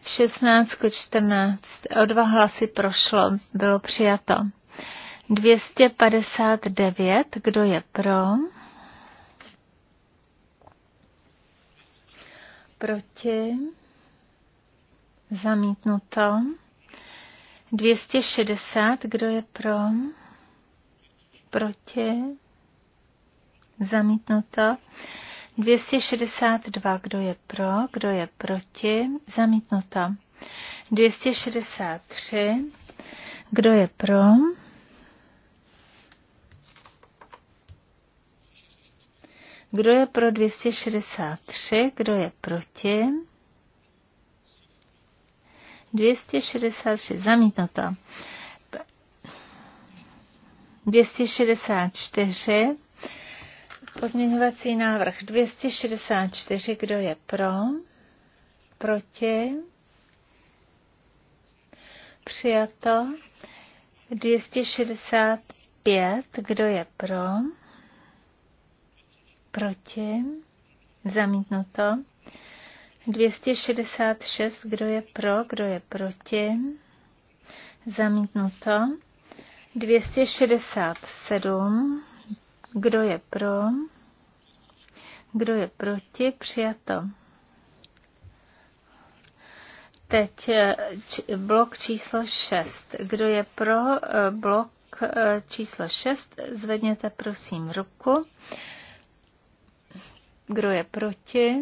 V 16 k 14. O dva hlasy prošlo, bylo přijato. 259, kdo je pro? Proti? Zamítnuto. 260, kdo je pro? Proti? Zamítnuto. 262, kdo je pro, kdo je proti? Zamítnuto. 263, kdo je pro? Kdo je pro 263, kdo je proti? 263 zamítnuto. 264 Pozměňovací návrh 264, kdo je pro? Proti? Přijato. 265, kdo je pro? Proti? Zamítnuto. 266, kdo je pro, kdo je proti. Zamítnuto. 267, kdo je pro, kdo je proti, přijato. Teď eh, blok číslo 6. Kdo je pro eh, blok eh, číslo 6, zvedněte prosím ruku. Kdo je proti?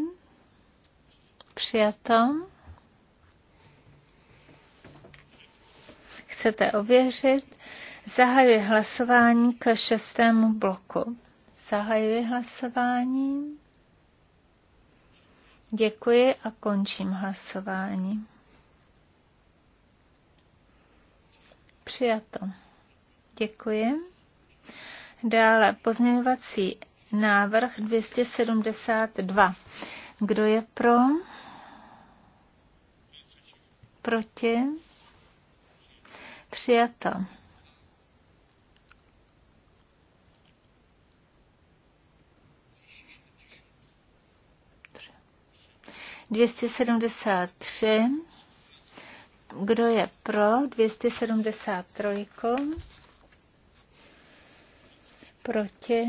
Přijato. Chcete ověřit? Zahajuji hlasování k šestému bloku. Zahajuji hlasování. Děkuji a končím hlasování. Přijato. Děkuji. Dále pozměňovací návrh 272. Kdo je pro? proti, přijato. Dvěstě Kdo je pro? 273. Proti?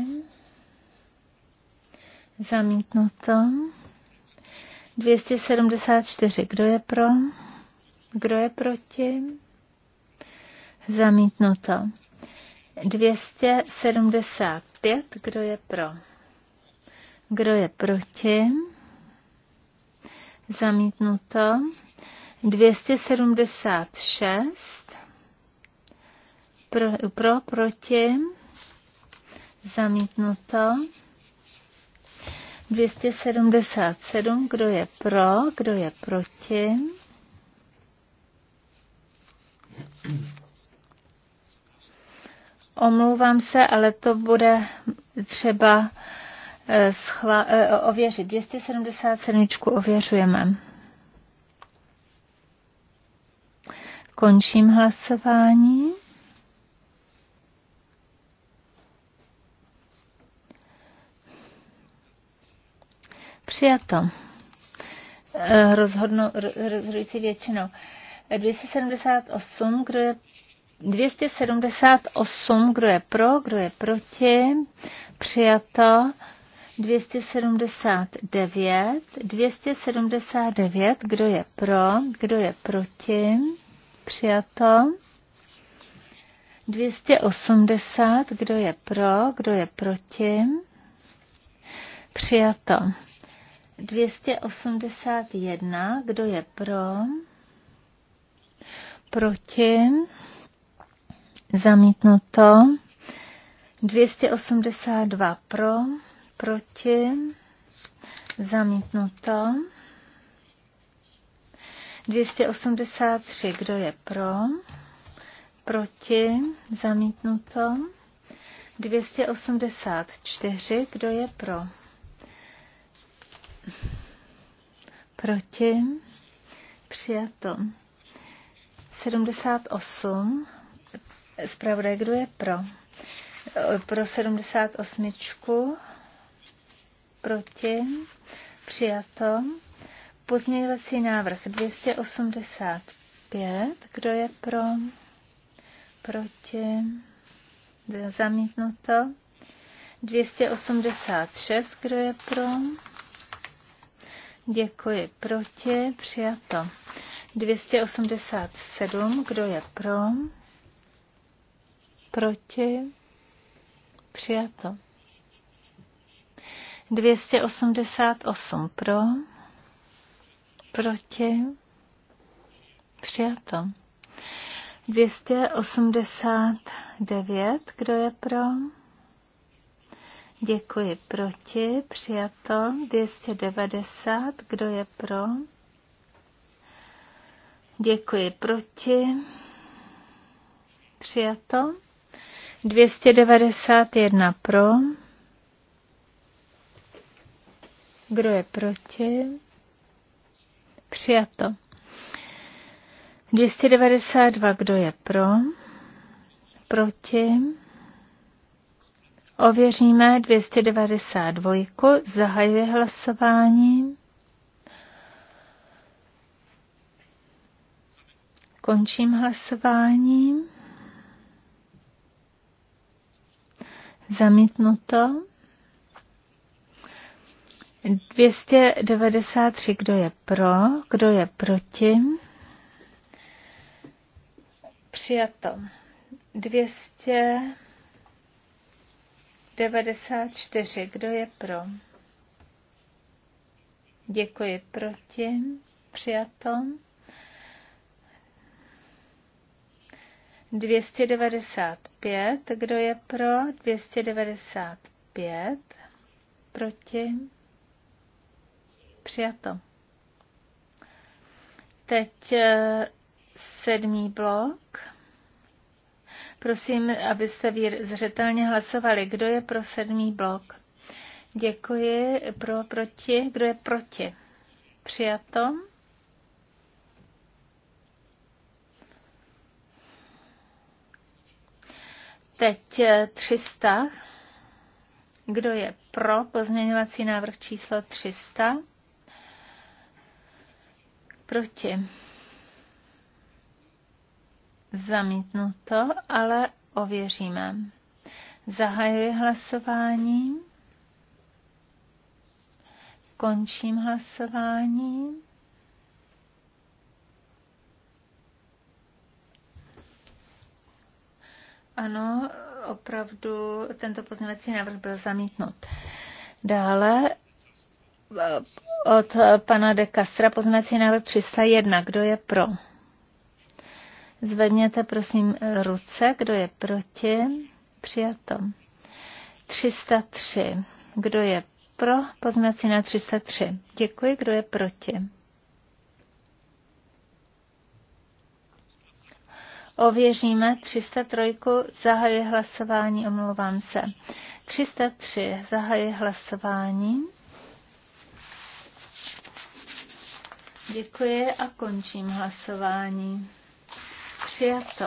Zamítnuto. 274. Kdo je pro? Kdo je proti? Zamítnuto. 275. Kdo je pro? Kdo je proti? Zamítnuto. 276. Pro, pro proti? Zamítnuto. 277. Kdo je pro? Kdo je proti? Omlouvám se, ale to bude třeba eh, schvá- eh, ověřit. 277 ověřujeme. Končím hlasování. Přijato. Eh, rozhodnu, rozhodující většinou. 278, kdo je 278, kdo je pro, kdo je proti, přijato 279, 279, kdo je pro, kdo je proti, přijato 280, kdo je pro, kdo je proti, přijato 281, kdo je pro, proti, zamítnuto, 282 pro, proti, zamítnuto, 283, kdo je pro, proti, zamítnuto, 284, kdo je pro, proti, přijato. 78. Zpravodaj, kdo je pro? Pro 78. Proti. Přijato. Pozměňovací návrh 285. Kdo je pro? Proti. Zamítnuto. 286. Kdo je pro? Děkuji. Proti. Přijato. 287, kdo je pro? Proti? Přijato. 288 pro? Proti? Přijato. 289, kdo je pro? Děkuji proti, přijato. 290, kdo je pro? Děkuji proti. Přijato. 291 pro. Kdo je proti? Přijato. 292, kdo je pro? Proti? Ověříme 292, zahajuje hlasování. Končím hlasováním. Zamítnuto. 293, kdo je pro, kdo je proti. Přijato. 294, kdo je pro. Děkuji proti. Přijato. 295. Kdo je pro? 295. Proti? Přijato. Teď eh, sedmý blok. Prosím, abyste zřetelně hlasovali, kdo je pro sedmý blok. Děkuji. Pro, proti. Kdo je proti? Přijato. Teď 300. Eh, Kdo je pro pozměňovací návrh číslo 300? Proti. Zamítnuto, ale ověříme. Zahajuji hlasování. Končím hlasování. Ano, opravdu tento pozměňovací návrh byl zamítnut. Dále eh, od pana de Castra pozměňovací návrh 301. Kdo je pro? Zvedněte prosím ruce. Kdo je proti? Přijato. 303. Kdo je pro? Pozměňovací návrh 303. Děkuji. Kdo je proti? Ověříme 303. zahajuje hlasování, omlouvám se. 303. zahajuje hlasování. Děkuji a končím hlasování. Přijato.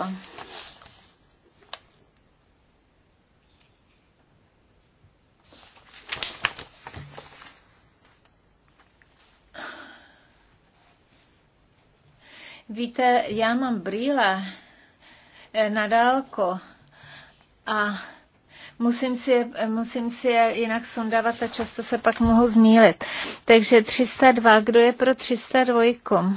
Víte, já mám brýle, Eh, na dálko. A musím si, je, musím si je jinak sundávat a často se pak mohu zmílit. Takže 302, kdo je pro 302?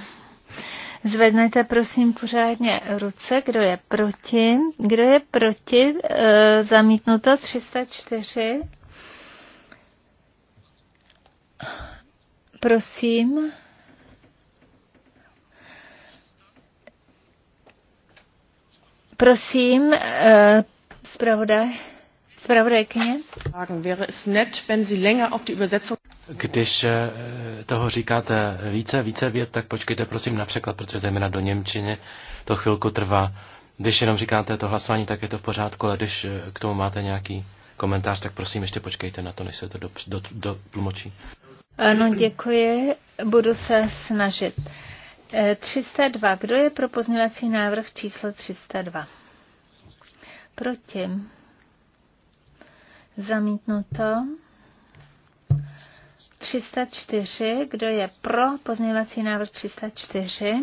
Zvedněte prosím pořádně ruce, kdo je proti. Kdo je proti e, zamítnuto 304? Prosím. Prosím, eh, zpravodaj. Zpravodajkyně. Když eh, toho říkáte více, více věd, tak počkejte prosím na překlad, protože zejména do Němčiny to chvilku trvá. Když jenom říkáte to hlasování, tak je to v pořádku, ale když eh, k tomu máte nějaký komentář, tak prosím ještě počkejte na to, než se to dotlumočí. Do, do, do ano, děkuji, budu se snažit. Uh, 302. Kdo je pro pozměňovací návrh číslo 302? Proti. Zamítnuto. 304. Kdo je pro pozměňovací návrh 304?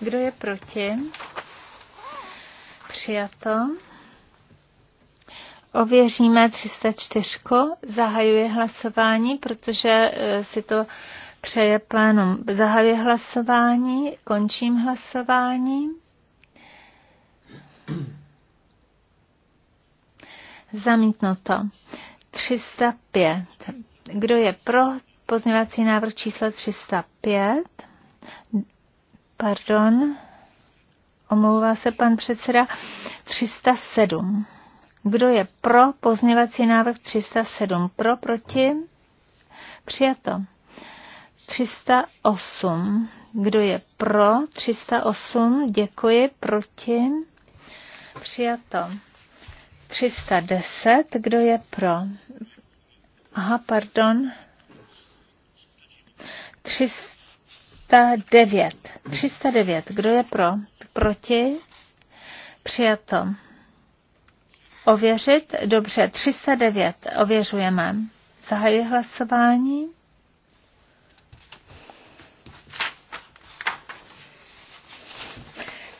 Kdo je proti? Přijato. Ověříme 304. Zahajuje hlasování, protože eh, si to přeje plénum. zahavě hlasování, končím hlasování. Zamítnuto. 305. Kdo je pro pozměvací návrh číslo 305? Pardon, omlouvá se pan předseda. 307. Kdo je pro pozměvací návrh 307? Pro, proti? Přijato. 308. Kdo je pro? 308. Děkuji. Proti? Přijato. 310. Kdo je pro? Aha, pardon. 309. 309. Kdo je pro? Proti? Přijato. Ověřit? Dobře, 309. Ověřujeme. Zahajuji hlasování.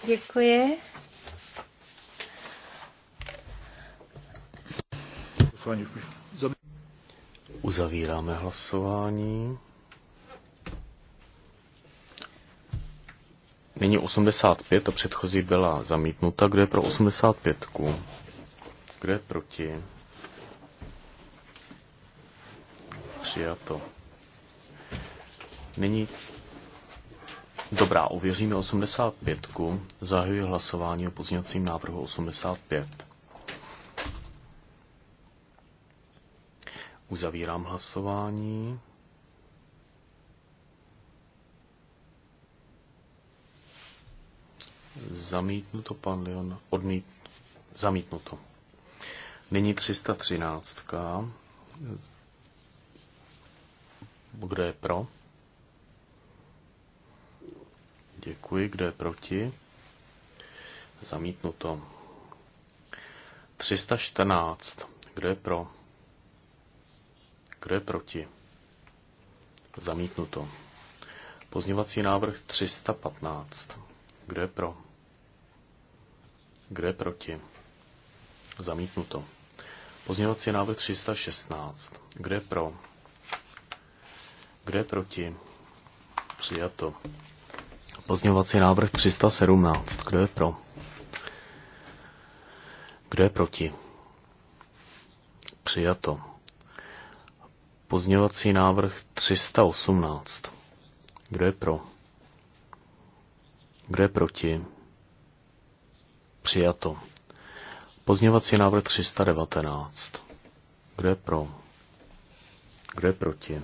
Děkuji. Uzavíráme hlasování. Nyní 85, a předchozí byla zamítnuta. Kdo je pro 85? -ku? Kdo je proti? Přijato. Nyní Dobrá, uvěříme 85. Zahajuji hlasování o pozměňovacím návrhu 85. Uzavírám hlasování. Zamítnuto, pan Leon, odmít, zamítnuto. Nyní 313. Kdo je pro? Děkuji. Kdo je proti? Zamítnuto. 314. Kdo je pro? Kdo je proti? Zamítnuto. Pozněvací návrh 315. Kdo je pro? Kdo je proti? Zamítnuto. Pozněvací návrh 316. Kdo je pro? Kdo je proti? Přijato. Pozměňovací návrh 317. Kdo je pro? Kdo je proti? Přijato. Pozměňovací návrh 318. Kdo je pro? Kdo je proti? Přijato. Pozměňovací návrh 319. Kdo je pro? Kdo je proti?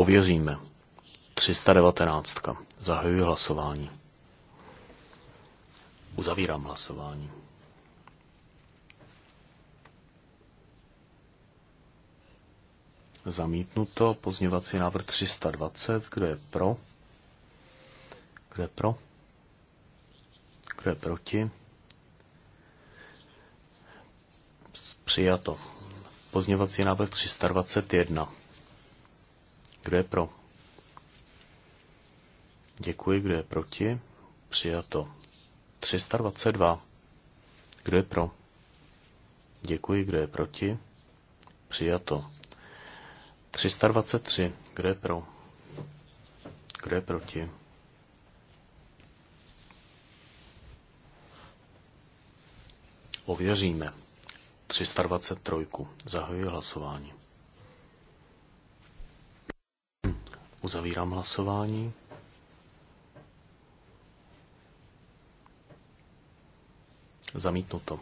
Ověříme. 319. Zahajuji hlasování. Uzavírám hlasování. Zamítnuto. Pozněvací návrh 320. Kdo je pro? Kdo je pro? Kdo je proti? Přijato. Pozněvací návrh 321. Kdo je pro? Děkuji, kdo je proti? Přijato. 322. Kdo je pro? Děkuji, kdo je proti? Přijato. 323. Kdo je pro? Kdo je proti? Ověříme. 323. Zahajuji hlasování. Uzavírám hlasování. Zamítnuto.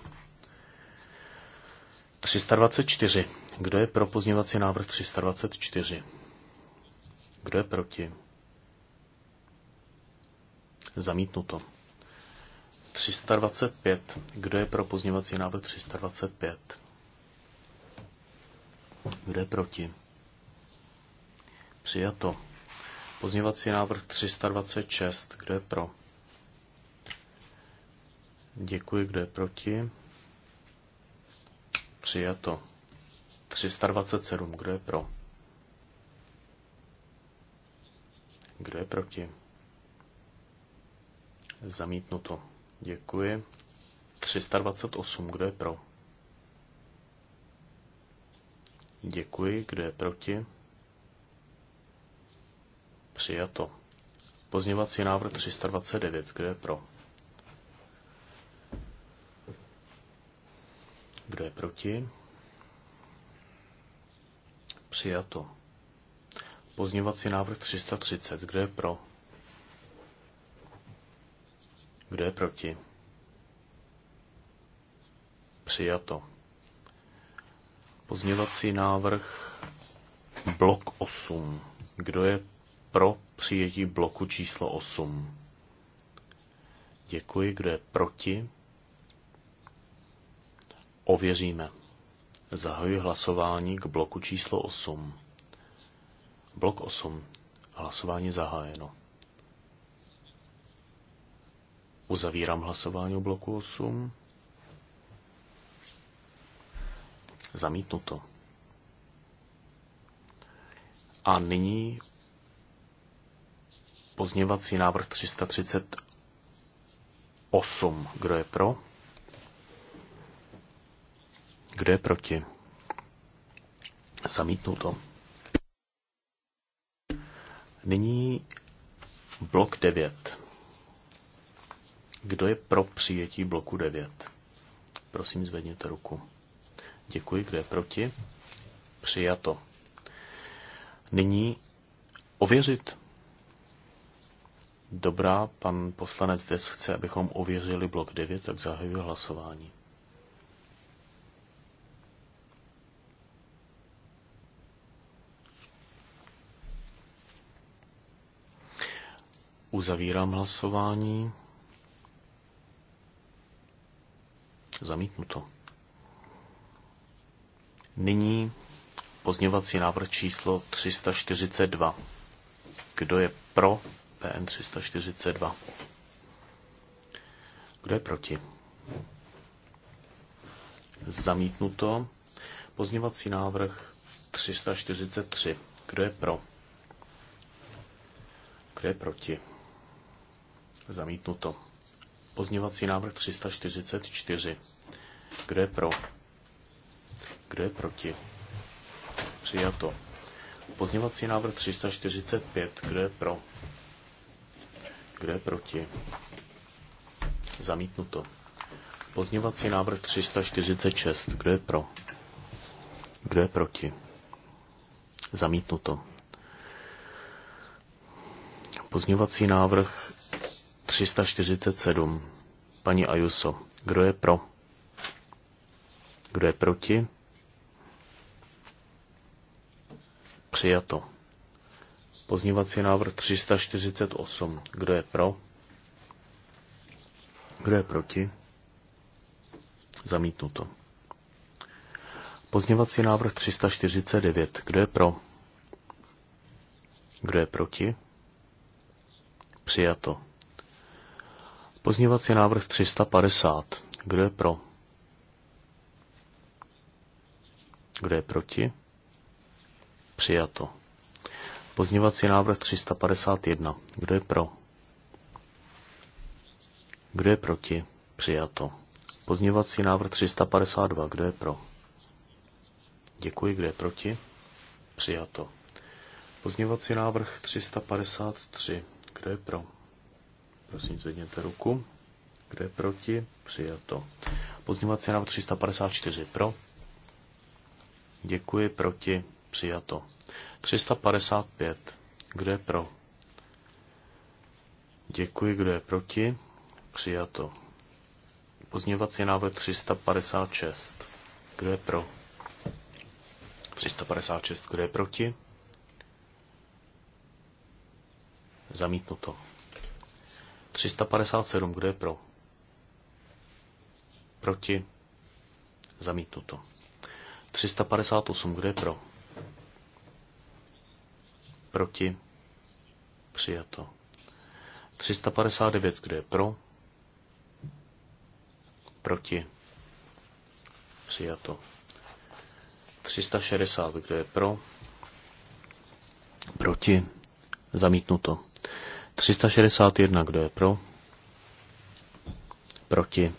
324. Kdo je pro pozněvací návrh 324? Kdo je proti? Zamítnuto. 325. Kdo je pro pozněvací návrh 325? Kdo je proti? Přijato. Pozměvací návrh 326. Kdo je pro? Děkuji. Kdo je proti? Přijato. 327. Kdo je pro? Kdo je proti? Zamítnuto. Děkuji. 328. Kdo je pro? Děkuji. Kdo je proti? Přijato. Pozněvací návrh 329. Kdo je pro? Kdo je proti? Přijato. Pozněvací návrh 330. Kdo je pro? Kdo je proti? Přijato. Pozněvací návrh blok 8. Kdo je pro přijetí bloku číslo 8? Děkuji. Kdo je proti? Ověříme. Zahajuji hlasování k bloku číslo 8. Blok 8. Hlasování zahájeno. Uzavírám hlasování o bloku 8. Zamítnuto. A nyní pozněvací návrh 338. Kdo je pro? Kdo je proti? Zamítnu to. Nyní blok 9. Kdo je pro přijetí bloku 9? Prosím, zvedněte ruku. Děkuji. Kdo je proti? Přijato. Nyní ověřit. Dobrá, pan poslanec Des chce, abychom ověřili blok 9, tak zahajuji hlasování. Uzavírám hlasování. Zamítnuto. Nyní pozněvací návrh číslo 342. Kdo je pro PN 342. Kdo je proti? Zamítnuto. Pozněvací návrh 343. Kdo je pro? Kdo je proti? Zamítnuto. Pozněvací návrh 344. Kdo je pro? Kdo je proti? Přijato. Pozněvací návrh 345. Kdo je pro? Kdo je proti? Zamítnuto. Pozněvací návrh 346. Kdo je pro? Kdo je proti? Zamítnuto. Pozněvací návrh 347. Paní Ajuso. Kdo je pro? Kdo je proti? Přijato. Pozněvací návrh 348. Kdo je pro? Kdo je proti? Zamítnuto. Pozněvací návrh 349. Kdo je pro? Kdo je proti? Přijato. Pozněvací návrh 350. Kdo je pro? Kdo je proti? Přijato. Pozněvací návrh 351. Kdo je pro? Kdo je proti? Přijato. Pozněvací návrh 352. Kdo je pro? Děkuji. Kdo je proti? Přijato. Pozněvací návrh 353. Kdo je pro? Prosím, zvedněte ruku. Kdo je proti? Přijato. Pozněvací návrh 354. Pro? Děkuji. Proti? Přijato. 355. Kdo je pro? Děkuji, kdo je proti? Přijato. Pozměňovací návrh 356. Kdo je pro? 356. Kdo je proti? Zamítnuto. 357. Kdo je pro? Proti? Zamítnuto. 358. Kdo je pro? Proti? Přijato. 359, kdo je pro? Proti? Přijato. 360, kdo je pro? Proti? Zamítnuto. 361, kdo je pro? Proti?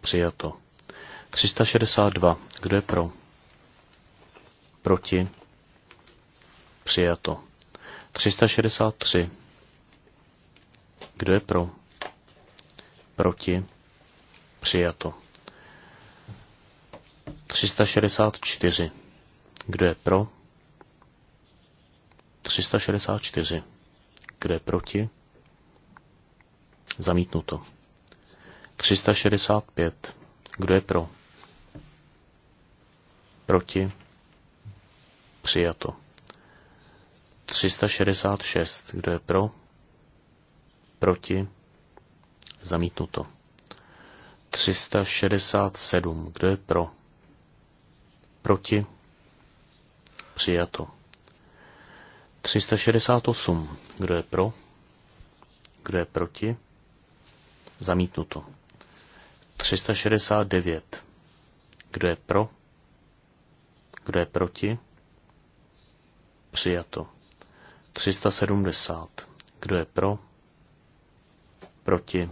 Přijato. 362, kdo je pro? Proti? Přijato. 363. Kdo je pro? Proti? Přijato. 364. Kdo je pro? 364. Kdo je proti? Zamítnuto. 365. Kdo je pro? Proti? Přijato. 366. Kdo je pro? Proti? Zamítnuto. 367. Kdo je pro? Proti? Přijato. 368. Kdo je pro? Kdo je proti? Zamítnuto. 369. Kdo je pro? Kdo je proti? Přijato. 370. Kdo je pro? Proti?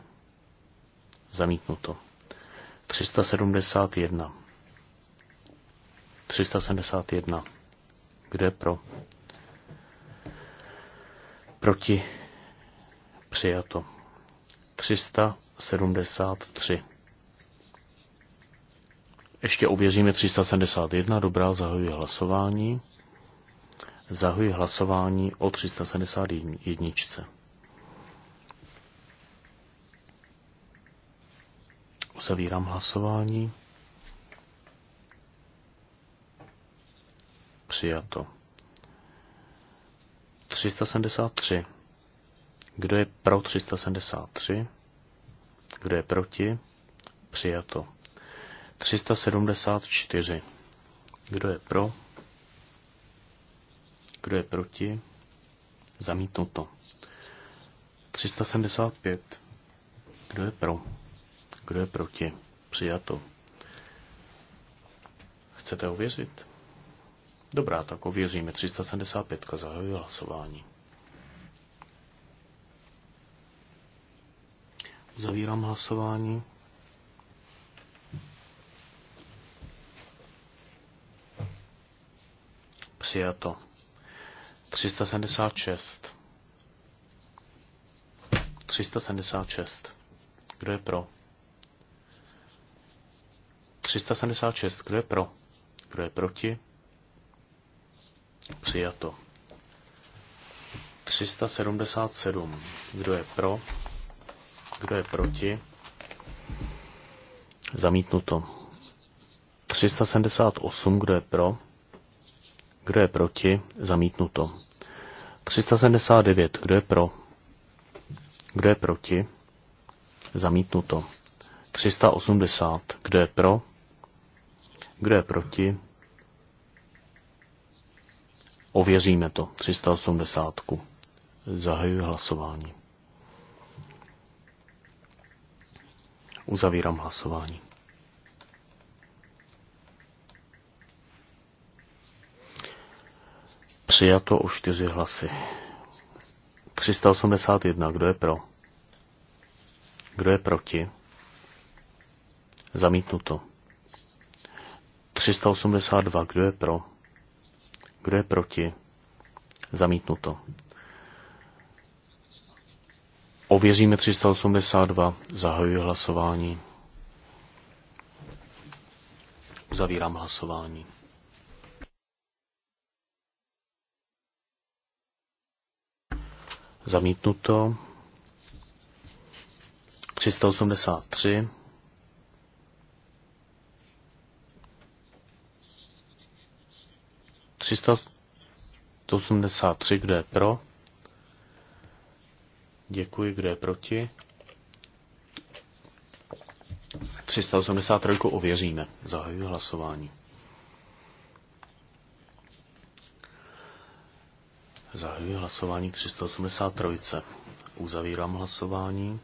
Zamítnuto. 371. 371. Kdo je pro? Proti? Přijato. 373. Ještě ověříme 371. Dobrá, zahajuji hlasování. Zahuji hlasování o 371. Uzavírám hlasování. Přijato. 373. Kdo je pro 373? Kdo je proti? Přijato. 374. Kdo je pro? Kdo je proti? Zamítnuto. 375. Kdo je pro? Kdo je proti? Přijato. Chcete ověřit? Dobrá, tak ověříme. 375. Zahajuji hlasování. Zavírám hlasování. Přijato. 376. 376. Kdo je pro? 376. Kdo je pro? Kdo je proti? Přijato. 377. Kdo je pro? Kdo je proti? Zamítnuto. 378. Kdo je pro? Kdo je proti? Zamítnuto. 379. Kdo je pro? Kdo je proti? Zamítnuto. 380. Kdo je pro? Kdo je proti? Ověříme to. 380. Zahajuji hlasování. Uzavírám hlasování. Přijato o čtyři hlasy. 381. Kdo je pro? Kdo je proti? Zamítnuto. 382. Kdo je pro? Kdo je proti? Zamítnuto. Ověříme 382. Zahajuji hlasování. Zavírám hlasování. Zamítnuto. 383. Třista kdo je pro? Děkuji, kdo je proti? 383 ověříme. Zahajuji hlasování. Zahajuji hlasování 383. Uzavírám hlasování.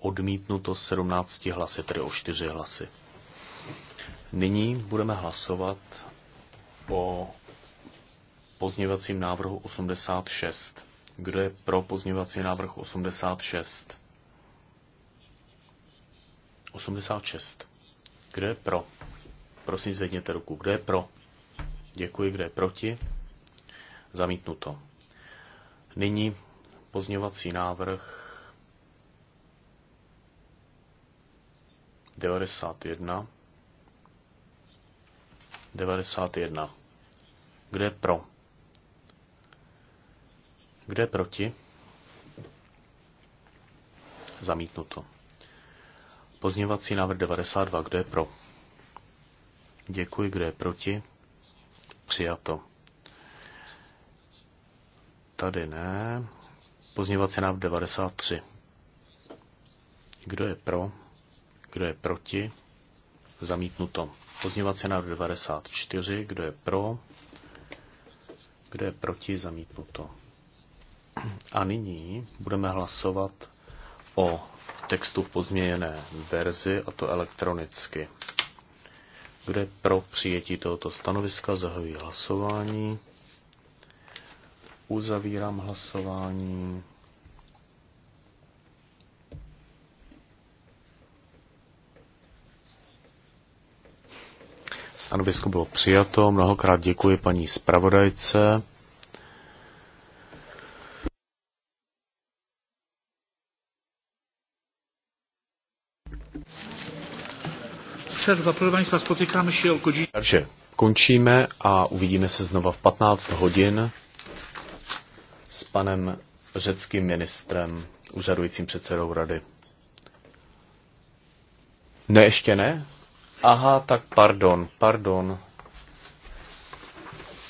Odmítnuto 17 hlasy, tedy o 4 hlasy. Nyní budeme hlasovat o pozněvacím návrhu 86. Kdo je pro pozněvací návrh 86? 86. Kdo je pro? Prosím, zvedněte ruku. Kdo je pro? Děkuji. Kdo je proti? Zamítnuto. Nyní pozměňovací návrh 91. 91. Kde je pro? Kde je proti? Zamítnuto. Pozněvací návrh 92. Kde je pro? Děkuji, kdo je proti. Přijato. Tady ne. Pozněvací návrh 93. Kdo je pro? Kdo je proti? Zamítnuto. Pozněvací návrh 94. Kdo je pro? Kdo je proti? Zamítnuto. A nyní budeme hlasovat o textu v pozměněné verzi, a to elektronicky. Kdo je pro přijetí tohoto stanoviska? Zahajuji hlasování. Uzavírám hlasování. Stanovisko bylo přijato. Mnohokrát děkuji paní zpravodajce. přerwa. Proszę Państwa, spotykamy się o godzinie... Takže končíme a uvidíme se znova v 15 hodin s panem řeckým ministrem, úřadujícím předsedou rady. Ne, ještě ne? Aha, tak pardon, pardon.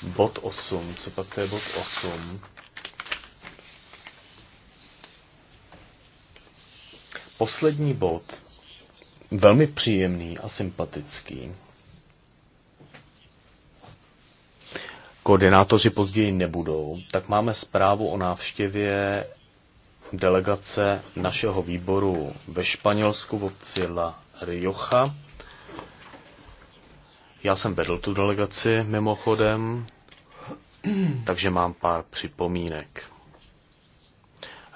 Bod 8, co pak to je bod 8? Poslední bod velmi příjemný a sympatický. Koordinátoři později nebudou, tak máme zprávu o návštěvě delegace našeho výboru ve Španělsku v obci La Rioja. Já jsem vedl tu delegaci mimochodem, takže mám pár připomínek.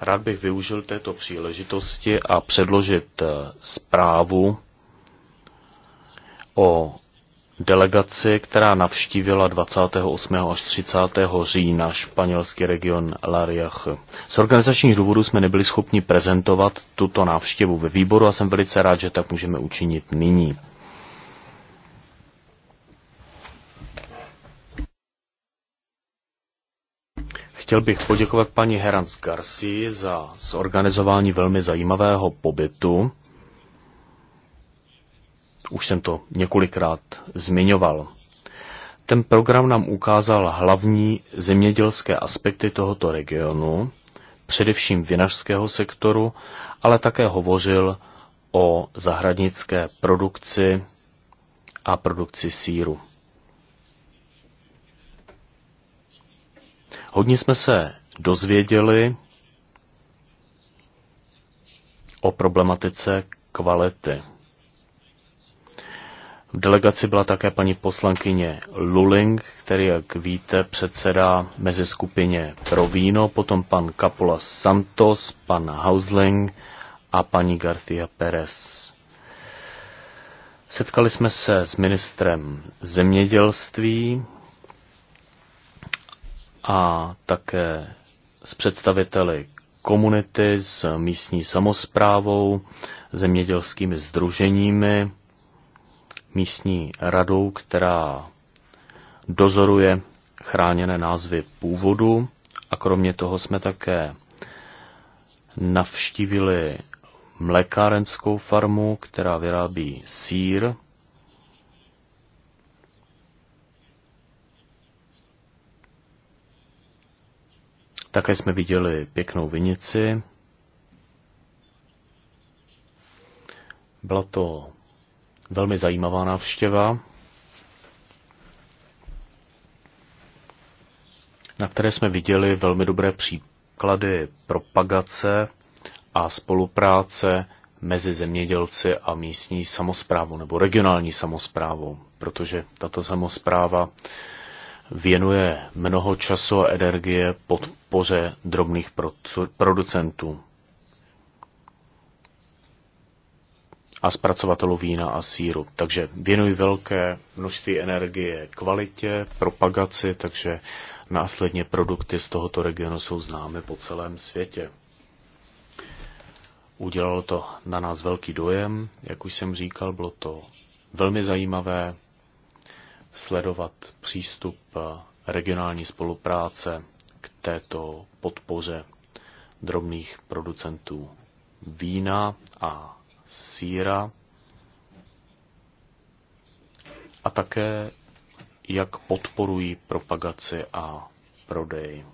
Rád bych využil této příležitosti a předložit eh, zprávu o delegaci, která navštívila 28. až 30. října španělský region Lariach. Z organizačních důvodů jsme nebyli schopni prezentovat tuto návštěvu ve výboru a jsem velice rád, že tak můžeme učinit nyní. Chtěl bych poděkovat paní Herans Garci za zorganizování velmi zajímavého pobytu. Už jsem to několikrát zmiňoval. Ten program nám ukázal hlavní zemědělské aspekty tohoto regionu, především vinařského sektoru, ale také hovořil o zahradnické produkci a produkci síru. Hodně jsme se dozvěděli o problematice kvality. V delegaci byla také paní poslankyně Luling, který, jak víte, předsedá mezi skupině pro víno, potom pan Capula Santos, pan Hausling a paní Garcia Pérez. Setkali jsme se s ministrem zemědělství, a také s představiteli komunity, s místní samozprávou, zemědělskými združeními, místní radou, která dozoruje chráněné názvy původu a kromě toho jsme také navštívili mlékárenskou farmu, která vyrábí sír Také jsme viděli pěknou vinici. Byla to velmi zajímavá návštěva, na které jsme viděli velmi dobré příklady propagace a spolupráce mezi zemědělci a místní samozprávou nebo regionální samozprávou, protože tato samozpráva věnuje mnoho času a energie podpoře drobných producentů a zpracovatelů vína a síru. Takže věnují velké množství energie kvalitě, propagaci, takže následně produkty z tohoto regionu jsou známy po celém světě. Udělalo to na nás velký dojem, jak už jsem říkal, bylo to velmi zajímavé, sledovat přístup eh, regionální spolupráce k této podpoře drobných producentů vína a síra a také jak podporují propagaci a prodej.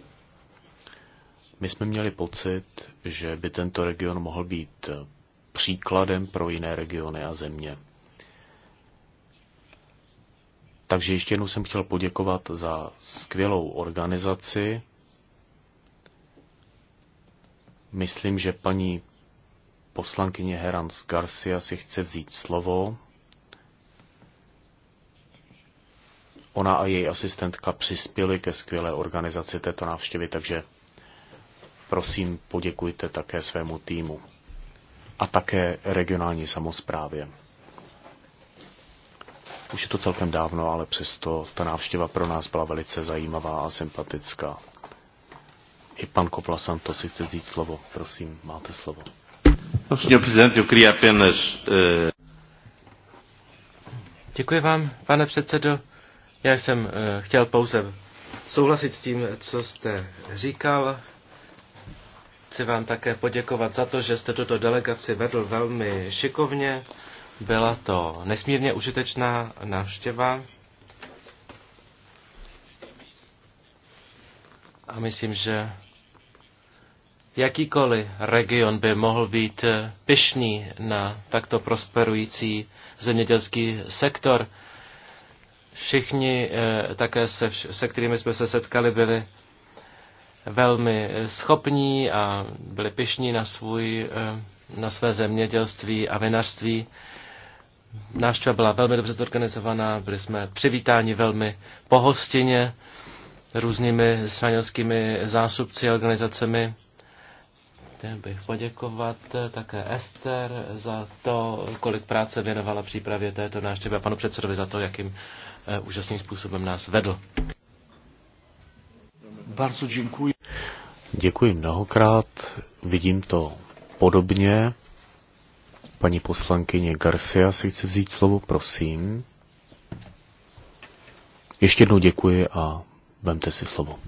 My jsme měli pocit, že by tento region mohl být eh, příkladem pro jiné regiony a země. Takže ještě jednou jsem chtěl poděkovat za skvělou organizaci. Myslím, že paní poslankyně Herans Garcia si chce vzít slovo. Ona a její asistentka přispěly ke skvělé organizaci této návštěvy, takže prosím poděkujte také svému týmu a také regionální samozprávě. Už je to celkem dávno, ale přesto ta návštěva pro nás byla velice zajímavá a sympatická. I pan Kopla to si chce zít slovo. Prosím, máte slovo. No, eh, Děkuji vám, pane předsedo. Já jsem eh, chtěl pouze souhlasit s tím, co jste říkal. Chci vám také poděkovat za to, že jste tuto delegaci vedl velmi šikovně. Byla to nesmírně užitečná návštěva a myslím, že jakýkoliv region by mohl být pyšný na takto prosperující zemědělský sektor. Všichni eh, také, se, se kterými jsme se setkali, byli velmi schopní a byli pyšní na, svůj, eh, na své zemědělství a vinařství. Návštěva byla velmi dobře zorganizovaná, byli jsme přivítáni velmi pohostinně různými španělskými zásupci a organizacemi. Chtěl bych poděkovat eh, také Ester za to, kolik práce věnovala přípravě této návštěvy a panu předsedovi za to, jakým eh, úžasným způsobem nás vedl. Bardzo děkuji. Děkuji mnohokrát. Vidím to podobně. Paní poslankyně Garcia si chce vzít slovo, prosím. Ještě jednou děkuji a vemte si slovo.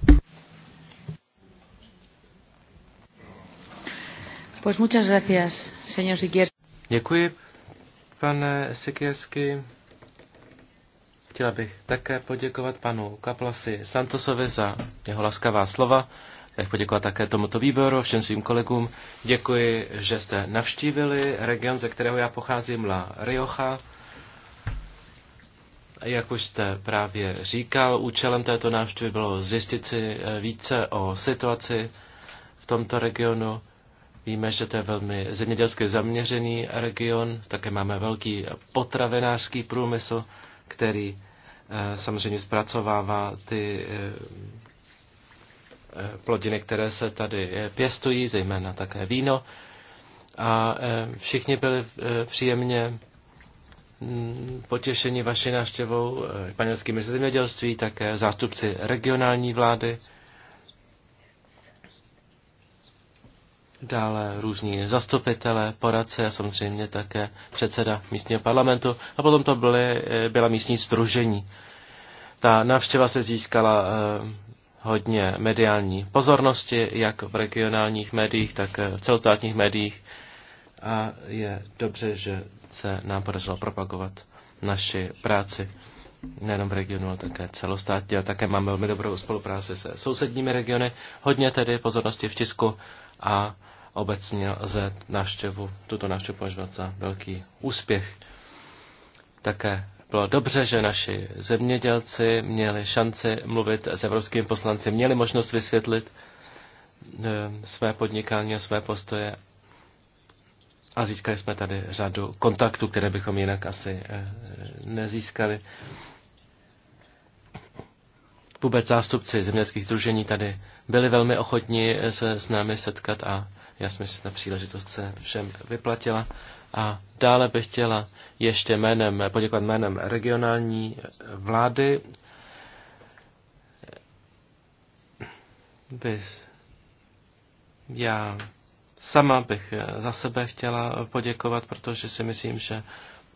Pues muchas gracias, señor Sikierski. Děkuji, pane Sikierski. Chtěla bych také poděkovat panu Kaplasi Santosovi za jeho laskavá slova. Jak poděkovat také tomuto výboru, všem svým kolegům. Děkuji, že jste navštívili region, ze kterého já pocházím, La Rioja. Jak už jste právě říkal, účelem této návštěvy bylo zjistit si eh, více o situaci v tomto regionu. Víme, že to je velmi zemědělsky zaměřený region, také máme velký potravinářský průmysl, který eh, samozřejmě zpracovává ty eh, Eh, plodiny, které se tady eh, pěstují, zejména také víno. A eh, všichni byli příjemně mm, potěšení vaší návštěvou španělským zemědělství, také zástupci regionální vlády, dále různí zastupitelé, poradce a samozřejmě také předseda místního parlamentu a potom to byly, byla místní združení. Ta návštěva se získala hodně mediální pozornosti, jak v regionálních médiích, tak v celostátních médiích. A je dobře, že se nám podařilo propagovat naši práci nejenom v regionu, ale také celostátně. A také máme velmi dobrou spolupráci se sousedními regiony. Hodně tedy pozornosti v tisku a obecně lze návštěvu, tuto návštěvu považovat za velký úspěch. Také bylo dobře, že naši zemědělci měli šanci mluvit s evropskými poslanci, měli možnost vysvětlit eh, své podnikání a své postoje a získali jsme tady řadu kontaktů, které bychom jinak asi eh, nezískali. Vůbec zástupci zemědělských družení tady byli velmi ochotní eh, se s námi setkat a já si myslím, že ta příležitost se všem vyplatila. A dále bych chtěla ještě jménem, poděkovat jménem regionální vlády. Bys. Já sama bych za sebe chtěla poděkovat, protože si myslím, že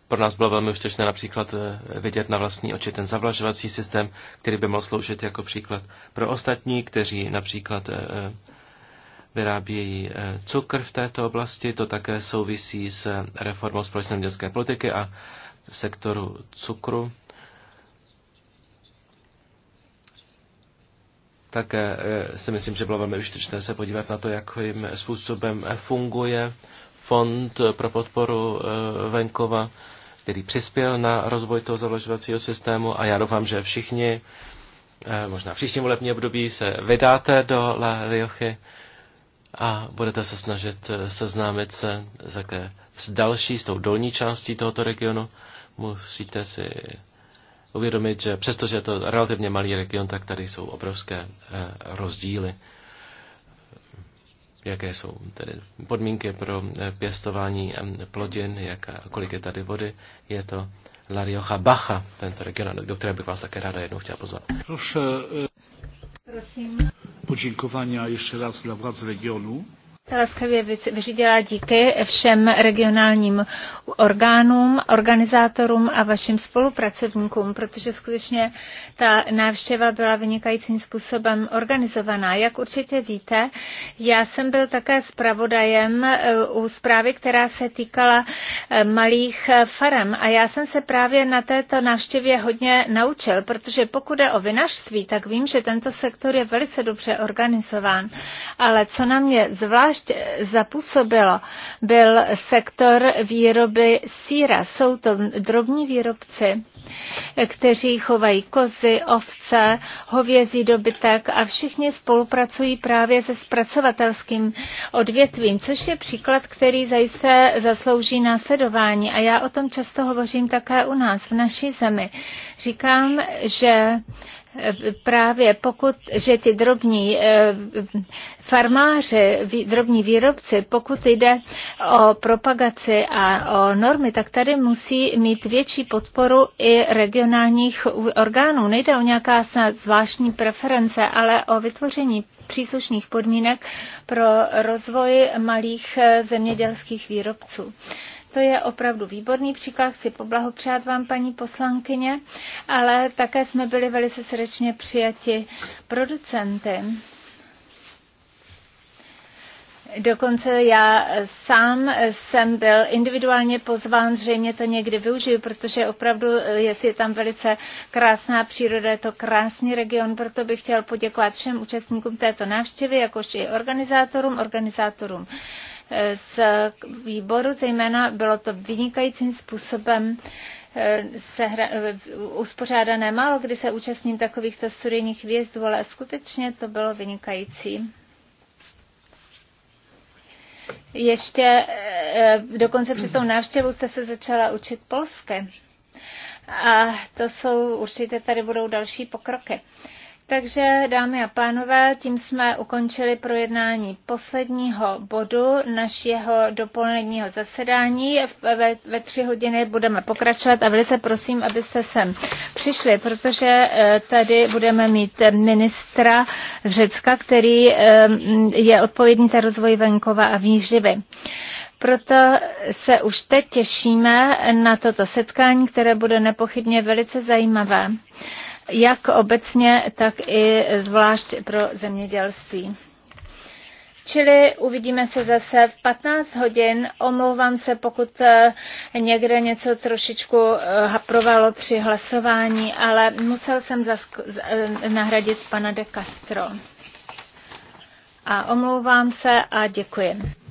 pro nás bylo velmi užitečné například eh, vidět na vlastní oči ten zavlažovací systém, který by mohl sloužit jako příklad pro ostatní, kteří například eh, vyrábějí eh, cukr v této oblasti. To také souvisí s reformou společné dětské politiky a sektoru cukru. Také eh, si myslím, že bylo velmi užitečné se podívat na to, jakým způsobem funguje Fond pro podporu eh, venkova, který přispěl na rozvoj toho zavlažovacího systému a já doufám, že všichni možná v příštím volebním období se vydáte do La Riochy a budete se snažit eh, seznámit se také s další, s tou dolní částí tohoto regionu. Musíte si uvědomit, že přestože je to relativně malý region, tak tady jsou obrovské eh, rozdíly. Jaké jsou tedy podmínky pro eh, pěstování plodin, jak, kolik je tady vody. Je to La Rioja Bacha, tento region, do které bych vás také ráda jednou chtěla pozvat. Prosím. jeszcze raz dla władz regionu laskavě vyřídila díky všem regionálním orgánům, organizátorům a vašim spolupracovníkům, protože skutečně ta návštěva byla vynikajícím způsobem organizovaná. Jak určitě víte, já jsem byl také zpravodajem eh, u zprávy, která se týkala eh, malých eh, farem a já jsem se právě na této návštěvě hodně naučil, protože pokud je o vinařství, tak vím, že tento sektor je velice dobře organizován, ale co na mě zvlášť zvlášť zapůsobilo, byl sektor výroby síra. Jsou to drobní výrobci, kteří chovají kozy, ovce, hovězí dobytek a všichni spolupracují právě se zpracovatelským odvětvím, což je příklad, který zajisté zaslouží následování. A já o tom často hovořím také u nás, v naší zemi. Říkám, že právě pokud, že ti drobní eh, farmáři, drobní výrobci, pokud jde o propagaci a o normy, tak tady musí mít větší podporu i regionálních orgánů. Nejde o nějaká snad zvláštní preference, ale o vytvoření příslušných podmínek pro rozvoj malých eh, zemědělských výrobců to je opravdu výborný příklad. Chci poblahopřát vám, paní poslankyně, ale také jsme byli velice srdečně přijati producenty. Dokonce já sám jsem byl individuálně pozván, zřejmě to někdy využiju, protože opravdu, jestli je tam velice krásná příroda, je to krásný region, proto bych chtěl poděkovat všem účastníkům této návštěvy, jakož i organizátorům, organizátorům z výboru, zejména bylo to vynikajícím způsobem eh, hra, eh, uspořádané. Málo kdy se účastním takovýchto studijních výjezdů, ale skutečně to bylo vynikající. Ještě eh, dokonce před tou návštěvou jste se začala učit polské. A to jsou, určitě tady budou další pokroky. Takže, dámy a pánové, tím jsme ukončili projednání posledního bodu našeho dopoledního zasedání. Ve, ve tři hodiny budeme pokračovat a velice prosím, abyste sem přišli, protože eh, tady budeme mít ministra Řecka, který eh, je odpovědný za rozvoj venkova a výživy. Proto se už teď těšíme na toto setkání, které bude nepochybně velice zajímavé jak obecně, tak i zvlášť pro zemědělství. Čili uvidíme se zase v 15 hodin. Omlouvám se, pokud eh, někde něco trošičku eh, haprovalo při hlasování, ale musel jsem eh, nahradit pana de Castro. A omlouvám se a děkuji.